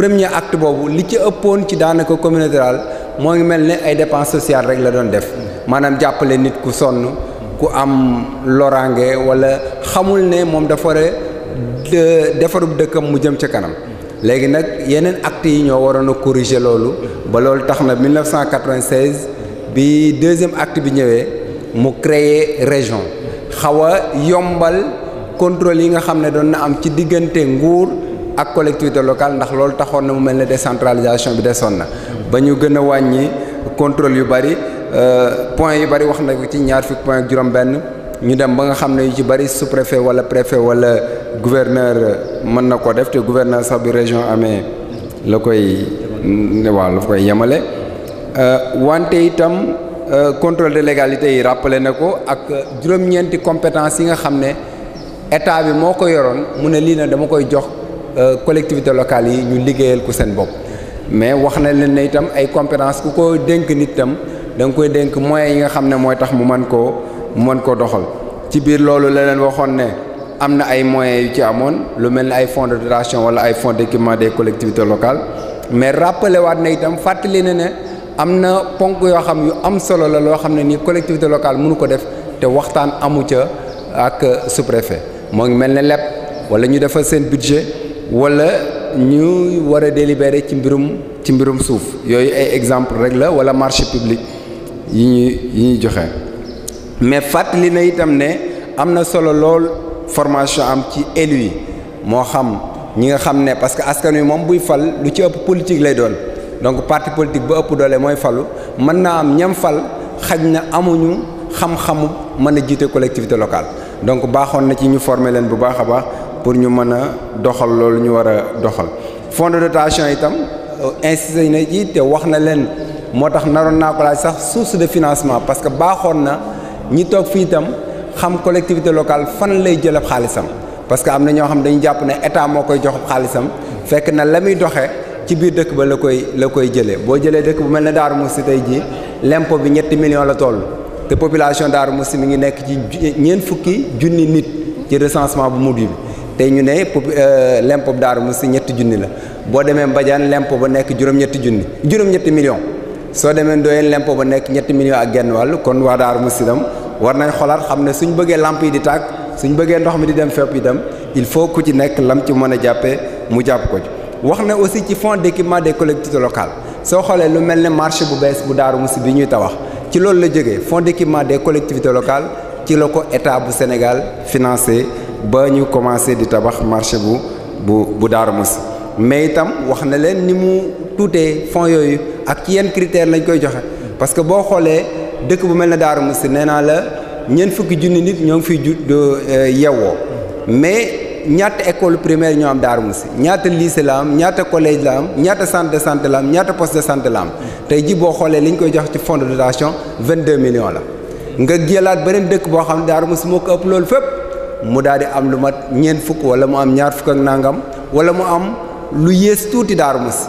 premier acte boobu li ci ëppoon ci daanaka communauté rurale moo ngi mel ne ay dépense sociales rek la doon def maanaam jàppale nit ku sonn ku am loraange wala xamul ne moom dafa defarub dëkkam mu jëm ca kanam léegi nag yeneen actes yi ñoo waroon a corriger loolu ba loolu tax na 1996 bi deuxième act bi ñëwee mu créer région xaw a yombal contrôle yi nga xam ne doon na am ci diggante nguur ak collectivité locale ndax loolu taxoon na mu mel ne décentralisation bi desoon na ba ñu gën contrôle yu bari euh, point yu bari wax na ko ci ñaar fukki point ak juróom-benn ñu dem ba nga xam ne yu ci bari sous-préfet wala préfet wala gouverneur euh, mën na def te gouverneur sax bi région amee la koy waaw la koy yemale euh, wante itam contrôle de légalité yi rappelé nako ak juróom ñenti compétence yi nga xamné état bi moko yoron mune li na dama koy jox. Euh, collectivité locale locales ñu liggéeyal mais wax avons itam ay ko dénk moyens yi nga moyens ci fonds de dotation wala fonds d'équipement des collectivités locales mais rappelé waat itam ne am xam yu am solo la collectivité locale ko def te waxtaan amu ca ak sous-préfet mo ngi budget wala ñu war a délibérer ci mbirum ci mbirum suuf yooyu ay exemple rek la wala marché public yi ñuy ñuy joxe mais fàttali na itam ne am na solo lool formation am ci élu yi moo xam ñi nga xam ne parce que askan wi moom buy fal lu ci ëpp politique lay doon donc parti politique ba ëpp doole mooy falu mën naa am ñam fal xaj na amuñu xam-xamu mën na jiite collectivité locale donc baaxoon na ci ñu former leen bu baax a baax pour ñu mëna doxal lool ñu wara doxal fond de dotation itam euh, insisté na ji te wax na len motax naron naroon ko laaj sax source de financement parce que baxon na ñi tok fi itam xam collectivité locale fan lay jëlab xaalisam parce que amna ño xam dañu japp né état mo koy jox xaalisam fekk na lamuy doxé ci biir dëkk ba la koy la koy jëlé bo jëlé dëkk bu melni daru Darou tay ji jii bi ñetti millions la toll té population daru Moussi mi ngi nekk ci ñeen fukki jooni nit ci recensement bu mujj bi tey ñu né pour euh, lempo daaru mu si ñetti junni la boo demee Mbadiane lempo ba nek juroom ñetti junni juroom ñetti millions so demee Ndoyeen lempo ba nek ñetti millions ak genn walu kon wa daru mu war nañ xolal xamné suñu bëggé bëggee lamp yi di tak suñu bëggé ndox mi di dem fépp itam il faut ku ci nek lam ci mëna jappé mu japp ko ci wax na aussi ci fonds d'équipement des collectivités locales so xoolee lu melni marché bu bees bu daru musi bi ñuy tawax ci loolu la jëgé fonds d'équipement des collectivités locales ci la état bu Sénégal financé bañu commencé di tabax marché bu bu bu Darou mais itam wax na len ni mu touté fonds yoyu ak ci yenn critères lañ koy joxe parce que bo xolé dëkk bu mel ne Darou Mouhty la ñeent fukk jooni nit ñoo fi do ju euh, mais ñaata école primaire ñoo am Darou ñaata lycée la am ñaata collège la am ñaata centre de santé la am ñaata poste de santé la am tey ji boo xoolee li koy jox ci fonds de dotation 22 millions la nga jëlaat benen dëkk bo xam ne Darou Mouhty moo ko ëpp loolu fépp mu am lu mat ñeen wala mu am ñaar fukk ak nangam wala mu am lu yées tuuti daaru mus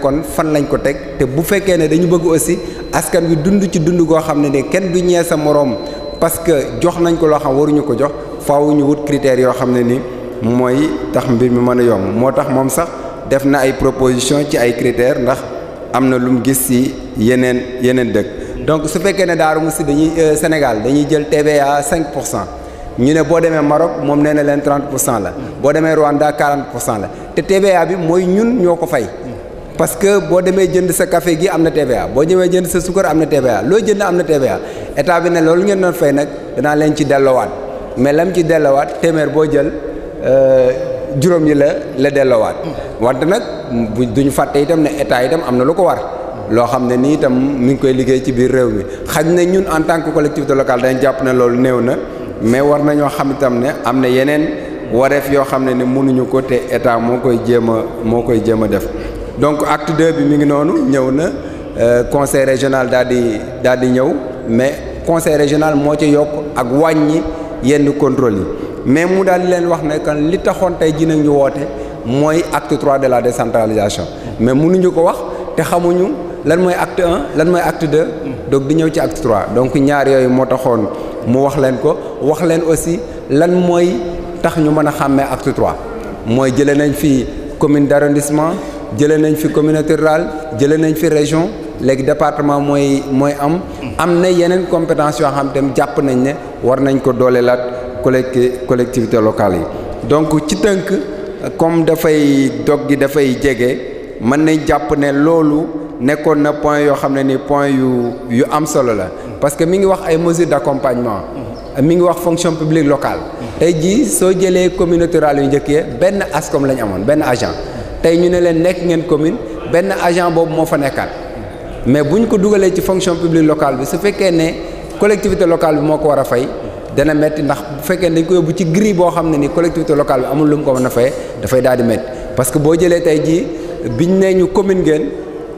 kon fan lañ ko te bu fekkee ne dañu bëgg aussi askan wi dund ci dund goo xam ne ne du ñee morom parce que jox nañ ko loo xam waruñu ko jox faaw ñu wut critères yoo xam ne ni mooy tax mbir mi sax def na ay proposition ci ay critères ndax am na gis si yeneen yeneen dëkk donc su fekkee ne daaru mus dañuy euh, sénégal dañuy jël tva 5 ñu ne boo demee Maroc moom nee na leen 30 pour cent la boo demee Rwanda 40 pour cent la te TVA bi mooy ñun ñoo ko fay parce que boo demee jënd sa kafe gi am na TVA boo ñëwee jënd sa sukkar am na TVA loo jënd am na TVA état ne loolu ngeen doon fay nag danaa leen ci delloowaat mais lam ci delloowaat téeméer boo jël euh, juróom yi la la delloowaat wante nag bu duñu fàtte itam ne état itam am na lu ko war loo xam ne nii itam mu ngi koy liggéey ci biir réew mi xaj na ñun en tant que collectivité locale dañ jàpp ne loolu néew na mais war nañoo xam itam ne am na yeneen wareef yoo xam ne ni mënuñu ko te état moo koy jéem a moo koy jéem a def donc acte 2 bi mi ngi noonu ñëw na euh, conseil régional daal di daal di ñëw mais conseil régional moo ci yokk ak wàññi yenn contrôle yi mais mu daal di leen wax ne li taxoon tey jii ñu woote mooy acte 3 de la décentralisation mais mënuñu ko wax te xamuñu lan mooy acte 1 lan mooy acte 2 di ñëw ci acte 3 donc ñaar yooyu moo taxoon mu wax leen ko wax leen aussi lan mooy tax ñu mën a acte trois mooy jëlee nañ fi commune d'arrondissement jëlee nañ fi communauté rurale jëlee nañ fi région léegi département mooy mooy am am na compétence xam nañ ne war nañ ko collectivité locale donc ci tënk comme je. dog gi man nañ japp né loolu nekkoon na point yo xamné ne ni point yu yu am solo la parce que mi ngi wax ay mesures d'accompagnement mi ngi wax fonction publique locale tay ji so jëlé communauté rurale yu njëkkee benn ASCOM lañ amone ben agent tay ñu ne leen nekk ngeen commune ben agent bobu mo fa nekkat mais buñ ko duggalé ci fonction publique locale bi su féké ne collectivité locale bi moko wara war a fay dana metti ndax bu féké dañ ko yóbbu ci gris bo xamné ne ni collectivité locale bi amul lu mu ko fay da fay daal di metti parce que bo jëlé tay ji biñ ne ñu commune ngeen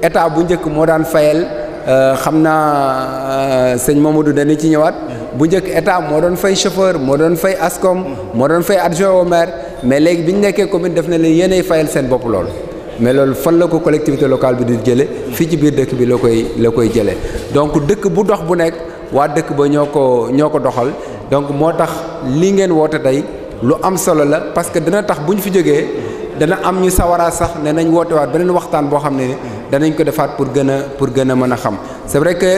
état bu njëkk moo daan fayal euh, xam naa euh, sëñ Mamadou dana ci ñëwaat mhm. bu njëkk état moo doon fay chauffeur moo doon fay ASCOM mhm. moo doon fay adjoint au maire mais léegi bi ñu nekkee commune def na leen yéenay fayal seen bopp loolu mais loolu fan la ko collectivité locale bi di jële mhm. fii ci biir dëkk bi la koy la koy jële donc dëkk bu dox bu nekk waa dëkk ba ñoo ko ñoo ko doxal donc moo tax li ngeen woote tey lu am solo la parce que dina tax bu ñu fi jógee dana am ñu sawaraa sax ne nañ woote waat beneen waxtaan boo xam ne danañ ko defaat pour gën a pour gën a mën a xam c'est vrai que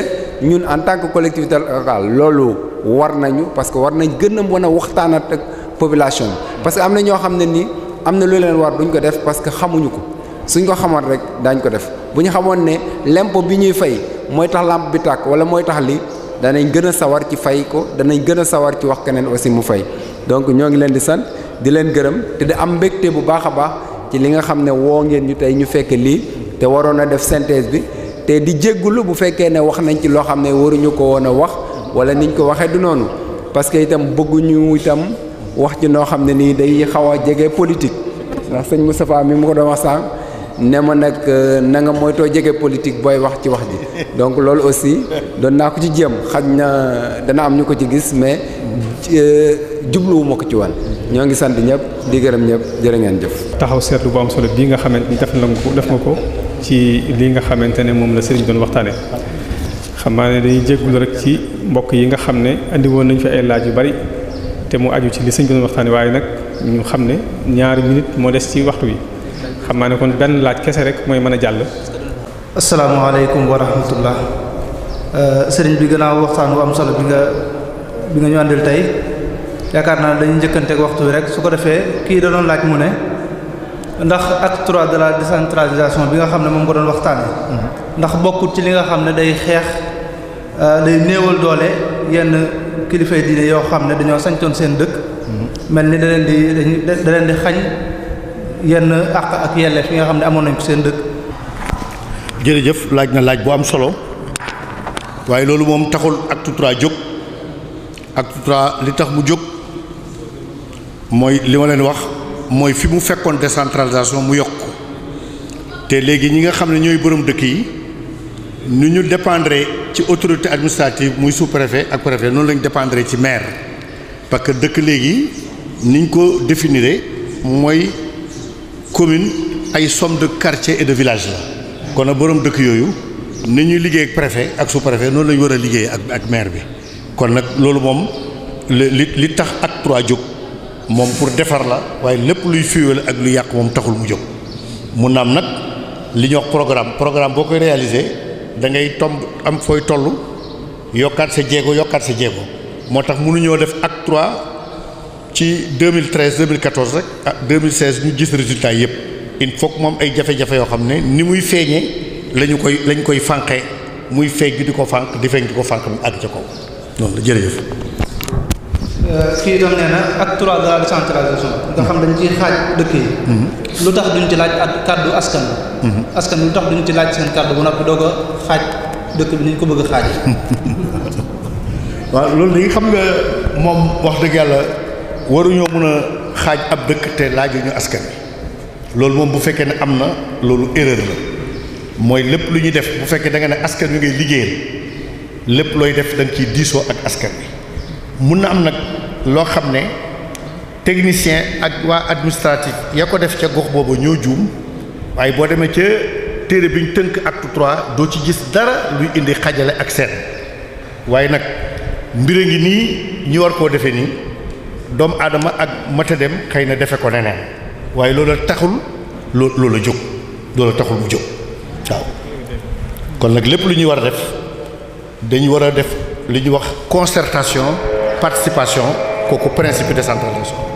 ñun en tant que collectivité locale loolu war nañu parce que war nañ gën a mën a waxtaanat ak population bi parce que am na ñoo xam ne nii am na lu leen war duñ ko def parce que xamuñu ko suñ ko xamoon rek daañ ko def bu ñu xamoon ne lempo bi ñuy fay mooy tax lamp bi tàkk wala mooy tax li danañ gën a sawar ci fay ko danañ gën a sawar ci wax keneen aussi mu fay donc ñoo ngi leen di sant di leen gërëm te di am mbégte bu baax a baax ci li nga xam ne woo ngeen ñu tey ñu fekk lii te waroon a def synthèse bi te di jéggulu bu fekkee ne wax nañ ci loo xam ne waruñu ko woon a wax wala niñ ko waxee du noonu parce que itam bëgguñu itam wax ci noo xam ne nii day xaw a jege politique ndax sëñ Moustapha mi mu ko doon wax sànq ne ma nag euh, na nga moytoo jege politique booy wax ci wax ji donc loolu aussi doon naa ko ci jéem xaj na dana am ñu ko ci gis mais euh, jubluwuma ko ci wan ñoo ngi sant ñëpp di gërëm ñëpp jërë ngeen jëf. taxaw seetlu bu am solo bii nga xamante ni def na ko def nga ko ci lii nga xamante ne moom la sëriñ doon waxtaane xam naa ne dañuy jégalu rek ci mbokk yi nga xam ne andi woon nañ fi ay laaj yu bari te mu aju ci li sëriñ doon waxtaanee waaye nag ñu xam ne ñaari minute moo des ci waxtu wi. xam naa ne kon benn laaj kese rek mooy mën a jàll. asalaamaaleykum wa rahmatullah euh, sëriñ bi gannaaw waxtaan bu am solo bi nga bi nga ñu àndil tey yaakaar naa dañu njëkkanteeg waxtu bi rek su ko defee kii da doon laaj mu ne ndax acte trois de la décentralisation bi nga xam ne moom nga doon waxtaanee. Mhm. ndax bokkut ci li nga xam ne day xeex euh, day néewal doole yenn kilifay diine yoo xam ne dañoo sañtoon seen dëkk. Mhm. mel ni da leen di da leen di xañ. yenn àq ak yelleef yi nga xam ne amoon nañ ko seen dëkk. jërëjëf laaj na laaj bu am solo waaye loolu moom taxul ak Trois jóg ak Trois li tax mu jóg mooy li ma leen wax mooy fi mu fekkoon décentralisation mu yokk te léegi ñi nga xam ne ñooy borom dëkk yi nu ñu dépendre ci autorité administrative muy sous-préfet ak préfet noonu lañu dépendre ci maire parce que dëkk léegi niñ ko définiré mooy commune ay somme de quartier et de village la kon nag borom dëkk yooyu ni ñuy liggéey ak préfet ak sous-préfet noonu la ñu war a ak ak maire bi kon nag loolu moom li li tax acte trois jóg moom pour defar la waye lepp luy fiwale ak lu yak mom taxul mu jóg mu nam nak li ñuy programme programme bokoy koy réaliser da ngay tombe am foy tollu yokkat sa djégo yokkat sa jéego moo tax ñoo def acte 3 ci 2013 2014 rek ah 2016 ñu gis résultat yëpp il faut moom ay jafe-jafe yoo xam ne ni muy feeñee lañu koy la koy fànqe muy feeñ di ko fànq di feeñ di ko fànq mu àgg ca kaw la jërëjëf. Euh, kii itam nee na ak 3 de la décentralisation nga xam dañ xaaj dëkk yi. Mhm. lu tax duñ ci laaj kàddu askan bi. Mhm. askan bi lu tax duñ ci laaj seen kàddu bu noppi doog a xaaj dëkk bi niñ ko bëgg a xaaj. waaw loolu léegi xam nga moom wax dëgg yàlla. waruñoo mën a xaaj ab dëkk te laajuñu askan wi loolu moom bu fekkee ne am na loolu erreur la mooy lépp lu ñuy def bu fekkee da nga ne askan wi ngay liggéeyal lépp looy def da nga ciy ak askan wi mun na am nag loo xam ne technicien ak waa administratif ya ko def ca gox boobu ñoo juum waaye boo demee ca téere bi ñu tënk ak trois doo ci gis dara luy indi xajale ak seet waaye nag mbir a ngi nii ñu war koo defee nii. doomu aadama ak matadem xëy na defe ko neneen waaye loola taxul loo loola jóg loola taxul mu jóg waaw kon nag lépp lu ñuy war a def dañuy war a def li ñuy wax consertation participation kooku principe de décentralisation